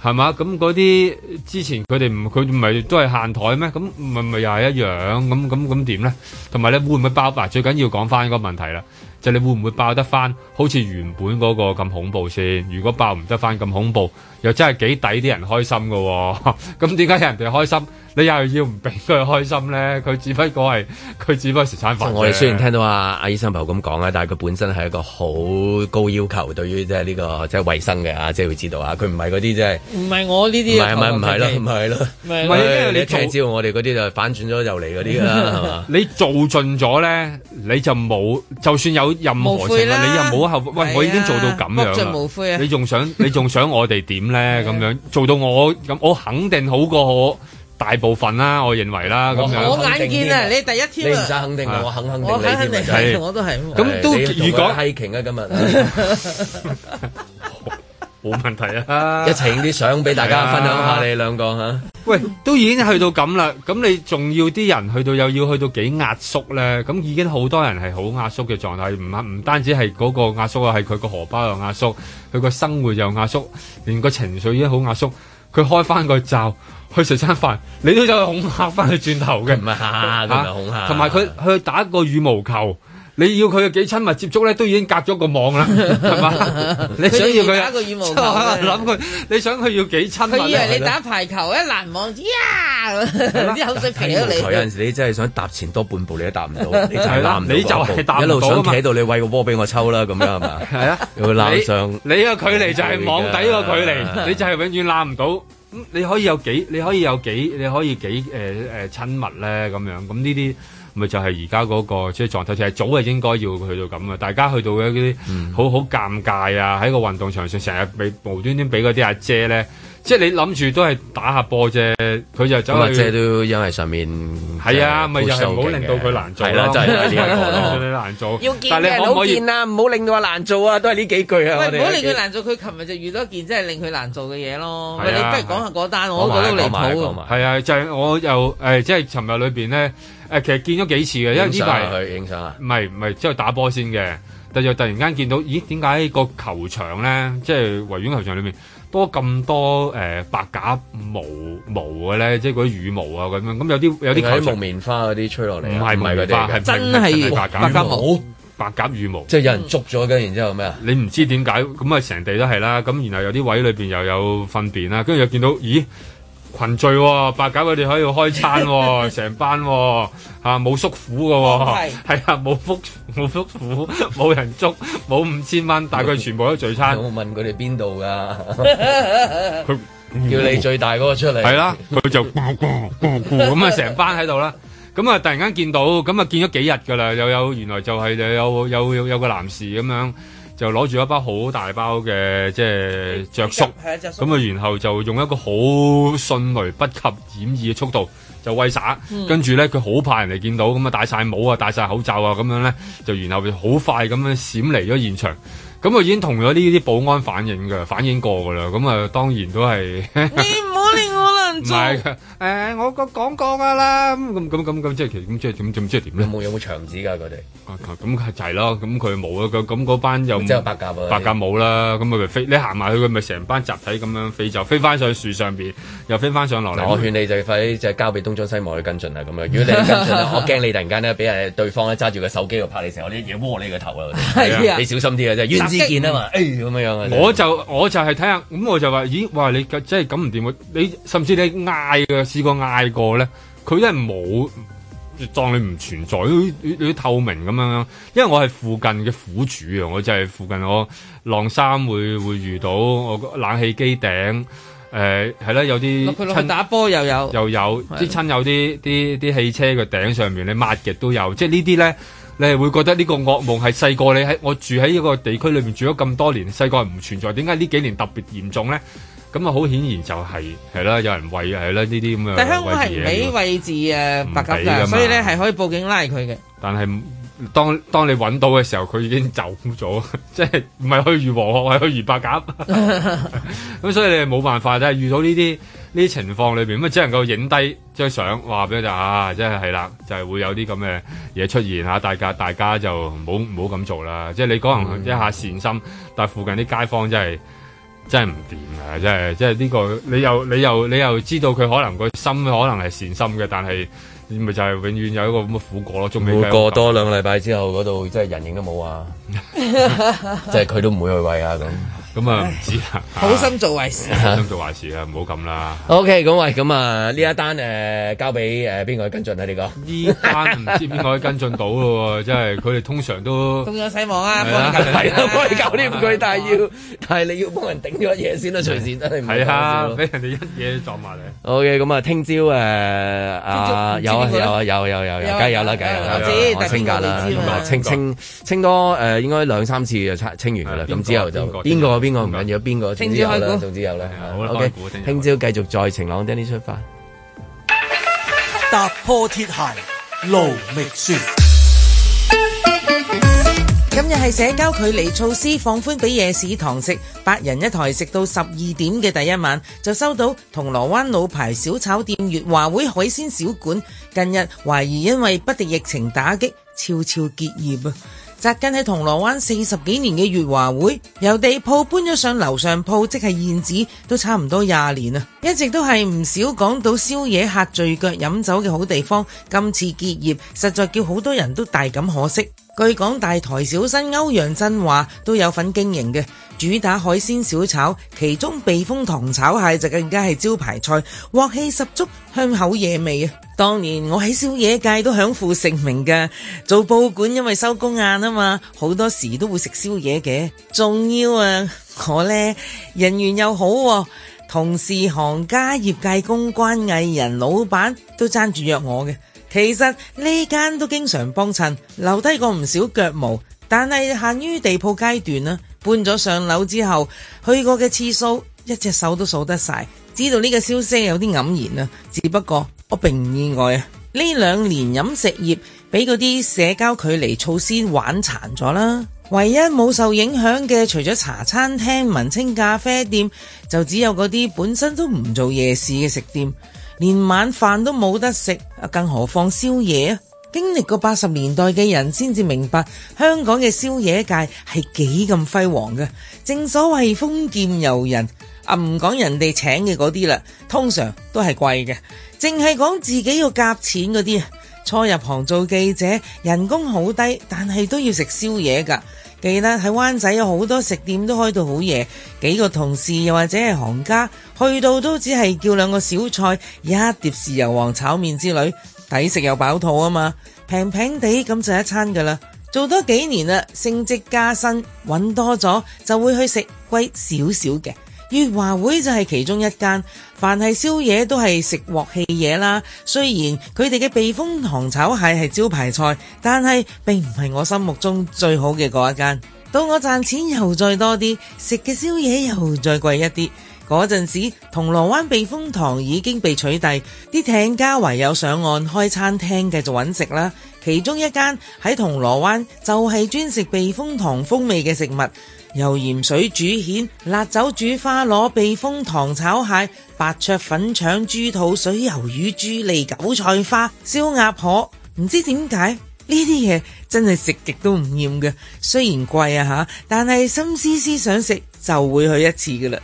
係嘛？咁嗰啲之前佢哋唔佢唔係都係限台咩？咁唔係唔係又係一樣咁咁咁點咧？同埋你會唔會爆？嗱，最緊要講翻個問題啦，就係你會唔會爆得翻好似原本嗰個咁恐怖先？如果爆唔得翻咁恐怖。又真係幾抵啲人開心噶、哦，咁點解人哋開心，你又要唔俾佢開心咧？佢只不過係佢只不過係食餐飯。我哋雖然聽到阿阿醫生朋友咁講呀，但係佢本身係一個好高要求，對於即係呢個即係衛生嘅，啊，即係會知道啊，佢唔係嗰啲即係唔係我呢啲。唔係唔係唔係唔係係你，你聽朝我哋嗰啲就反轉咗又嚟嗰啲啦，你做盡咗咧，你就冇，就算有任何情啦，你又冇後、啊，喂，我已經做到咁樣、啊、你仲想你仲想我哋點呢？ 咁樣做到我咁，我肯定好過我大部分啦，我認為啦。咁樣我眼見啊，你第一天，你唔使肯定我肯肯定，我肯肯定你，我都係咁。都如果係勁啊，今日。 冇問題啊！一齊影啲相俾大家分享下，你兩個嚇。喂，都已經去到咁啦，咁你仲要啲人去到又要去到幾壓縮咧？咁已經好多人係好壓縮嘅狀態，唔唔單止係嗰個壓縮啊，係佢個荷包又壓縮，佢個生活又壓縮，連個情緒已經好壓縮。佢開翻個罩去食餐飯，你都走去恐嚇翻佢轉頭嘅唔係嚇，恐嚇同埋佢去打個羽毛球。你要佢幾親密接觸咧，都已經隔咗個網啦，係 嘛？你想要佢打個羽毛球，諗佢你想佢要幾親密？佢以為你打排球一攔網呀，啲 口水飛咗你。有陣時你真係想踏前多半步，你都踏唔到， 你就踏唔到， 你到。你就係踏唔到。一路想企到你，喂，個波俾我抽啦，咁樣係嘛？係啊，攬上你嘅距離就係網底個距離， 你就係永遠攬唔到。你可以有幾，你可以有幾，你可以幾誒誒、呃、親密咧？咁樣咁呢啲。嗯咪就係而家嗰個即係、就係、狀態，就係、係、早係應該要去到咁嘅，大家去到一啲好好尷尬啊！喺個運動場上成日俾無端端俾嗰啲阿姐咧。即係你諗住都係打下波啫，佢就走嚟。阿姐都因為上面係啊，咪又係好令到佢難，難做。係 啦，就係呢啲好難做。要見係老見啊，唔好令到話難做啊，都係呢幾句啊。唔好令佢難做，佢琴日就遇到一件真係令佢難做嘅嘢咯。啊、你不如講下嗰單，我覺得都離譜。係啊，就係、是、我又誒，即係琴日裏邊咧誒，其實見咗幾次嘅，因為呢排去影相啊，唔係唔係，即係、就是、打波先嘅，但又突然間見到，咦？點解個球場咧，即係維園球場裏面？咁多誒、呃、白鴿毛毛嘅咧，即係嗰啲羽毛啊，咁樣咁有啲有啲木棉花嗰啲吹落嚟，唔係唔係佢哋，係真係白鴿、哦、毛，毛、白鴿羽毛，即係有人捉咗嘅，然之後咩啊？你唔知點解咁啊？成地都係啦，咁然後有啲位裏面又有糞便啦，跟住又見到咦？群聚、哦，八九佢哋可以開餐、哦，成 班、哦，喎、啊，冇縮虎㗎喎，係啊冇縮冇縮虎，冇人捉，冇五千蚊，但 佢全部都聚餐。有冇問佢哋邊度㗎？佢 叫你最大嗰個出嚟。係 啦，佢就光咁啊，成、 嗯、班喺度啦。咁、嗯、啊，突然間見到，咁、嗯、啊見咗幾日㗎啦，又有，有原來就係又有有有，有個男士咁樣。就攞住一包好大包嘅即係着縮，咁啊，然後就用一個好迅雷不及掩耳嘅速度就餵撒，跟住咧佢好怕人哋見到，咁啊戴晒帽啊戴晒口罩啊咁樣咧、嗯，就然後好快咁樣閃離咗現場。咁啊已經同咗呢啲保安反映嘅，反映過㗎啦。咁啊當然都係。呵呵嗯唔係誒，uh, 我講講過噶啦，咁咁咁咁即係，咁即係，咁即係點咧？有冇有冇牆紙噶佢哋？咁就係咯，咁佢冇啊，咁咁嗰班又即係白鴿，白鴿冇啦，咁佢咪飛，你行埋去佢咪成班集體咁樣飛走，就飛翻上去樹上邊，又飛翻上落嚟。我勸你就快即係交俾東張西望去跟進啊，咁樣如果你跟進 我驚你突然間呢，俾對對方揸住個手機度拍你成，有啲嘢窩你個頭 啊，係你小心啲啊，即係見啊嘛，咁、哎 嗯，樣我就我就係睇下，咁我就話，咦，哇，你即係咁唔掂，你甚至你。嗌嘅試過嗌過咧，佢真係冇當你唔存在，佢佢透明咁樣。因為我係附近嘅苦主啊，我就係附近我晾衫會會遇到，我冷氣機頂誒係啦，有啲佢打波又有又有啲親友啲啲啲汽車嘅頂上面你抹極都有，即係呢啲咧，你係會覺得呢個噩夢係細個你喺我住喺呢個地區裏面住咗咁多年，細個係唔存在，點解呢幾年特別嚴重咧？咁啊，好顯然就係係啦，有人餵係啦，呢啲咁樣。但香港唔俾餵飼誒白鴿㗎，所以咧係可以報警拉佢嘅。但係當當你揾到嘅時候，佢已經走咗，即係唔係去如黃鶴，係可以如白鴿。咁 所以你係冇辦法，真係遇到呢啲呢啲情況裏面，咁只能夠影低張相，話俾佢就啊，即係係啦，就係、是、會有啲咁嘅嘢出現。大家大家就唔好咁做啦。即、就、係、是、你可能一下善心，嗯、但附近啲街坊真、就、係、是。真係唔掂啊！真係，真係即係呢個你又你又你又知道佢可能個心可能係善心嘅，但係咪就係永遠有一個咁嘅苦果咯？仲未過多兩個禮拜之後嗰度，即係人影都冇啊！即係佢都唔會去餵啊咁。咁啊，唔止啦，好心做壞事，好、啊、心做壞事啊，唔好咁啦。O K，咁喂，咁啊呢一單誒、呃、交俾邊邊個去跟進啊？呢個呢單唔知邊個去跟進到咯喎，即係佢哋通常都東張西望啊，幫人解決啦，幫人搞掂佢，但係要、啊、但係、啊、你要幫人頂咗嘢先啦、啊，隨時真係唔係啊，俾人哋一嘢撞埋嚟。O K，咁啊，聽朝誒啊，有有啊，有啊有、啊、有、啊，梗係有啦、啊，梗係有啦、啊啊啊啊啊啊，清啦，清清多誒，應該兩三次就清完㗎啦，咁、啊啊、之後就邊個？邊個唔緊要，邊個總之有啦，總之有啦。好啦，OK，聽朝繼續再晴朗啲出發，踏破鐵鞋路未絕。今日係社交距離措施放寬，俾夜市堂食，八人一台食到十二點嘅第一晚，就收到銅鑼灣老牌小炒店月華會海鮮小館，近日懷疑因為不敵疫情打擊，悄悄結業啊。紮根喺銅鑼灣四十幾年嘅月華會，由地鋪搬咗上樓上鋪，即係現址，都差唔多廿年啦，一直都係唔少港島宵夜客聚腳飲酒嘅好地方。今次結業，實在叫好多人都大感可惜。據講，大台小生歐陽振華都有份經營嘅，主打海鮮小炒，其中避風塘炒蟹就更加係招牌菜，鑊氣十足，香口惹味。當年我喺宵夜界都享負盛名嘅，做報館因為收工晏啊嘛，好多時都會食宵夜嘅。仲要啊，我呢，人緣又好、啊，同事行、行家、業界公關、藝人、老闆都爭住約我嘅。其實呢間都經常幫襯，留低過唔少腳毛，但係限於地鋪階段啦，搬咗上樓之後，去過嘅次數一隻手都數得晒。知道呢個消息有啲黯然啊，只不過我並唔意外啊。呢兩年飲食業俾嗰啲社交距離措施玩殘咗啦，唯一冇受影響嘅，除咗茶餐廳、文青咖啡店，就只有嗰啲本身都唔做夜市嘅食店。連晚飯都冇得食，更何況宵夜啊！經歷過八十年代嘅人先至明白香港嘅宵夜界係幾咁輝煌嘅。正所謂豐儉由人，啊唔講人哋請嘅嗰啲啦，通常都係貴嘅。淨係講自己要夾錢嗰啲，初入行做記者，人工好低，但係都要食宵夜噶。記得喺灣仔有好多食店都開到好夜，幾個同事又或者係行家去到都只係叫兩個小菜，一碟豉油皇炒麵之類，抵食又飽肚啊嘛，平平地咁就一餐噶啦。做多幾年啦，升職加薪，揾多咗就會去食貴少少嘅。月華會就係其中一間，凡係宵夜都係食鑊氣嘢啦。雖然佢哋嘅避風塘炒蟹係招牌菜，但係並唔係我心目中最好嘅嗰一間。到我賺錢又再多啲，食嘅宵夜又再貴一啲，嗰陣時銅鑼灣避風塘已經被取締，啲艇家唯有上岸開餐廳繼續搵食啦。其中一間喺銅鑼灣就係專食避風塘風味嘅食物。油鹽水煮蜆，辣酒煮花螺，避風塘炒蟹，白灼粉腸，豬肚水，魷魚豬脷，韭菜花，燒鴨婆。唔知點解呢啲嘢真係食極都唔厭嘅，雖然貴啊吓，但係心思思想食就會去一次噶啦。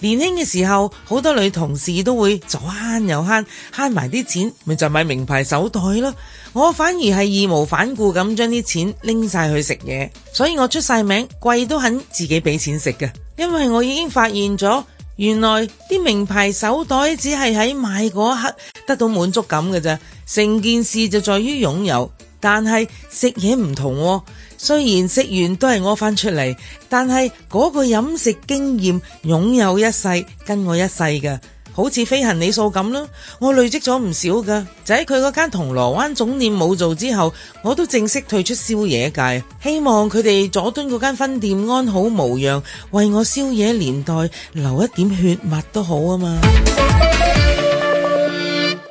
年輕嘅時候，好多女同事都會左慳右慳，慳埋啲錢咪就買名牌手袋咯。我反而係義無反顧咁將啲錢拎晒去食嘢，所以我出晒名，貴都肯自己俾錢食嘅，因為我已經發現咗，原來啲名牌手袋只係喺買嗰刻得到滿足感嘅啫，成件事就在於擁有。但係食嘢唔同，雖然食完都係屙返出嚟，但係嗰個飲食經驗擁有一世，跟我一世嘅。好似飛行里數咁囉，我累積咗唔少㗎，就喺佢嗰間銅鑼灣總店冇做之後，我都正式退出宵夜界。希望佢哋佐敦嗰間分店安好無恙，為我宵夜年代留一點血脈都好啊嘛。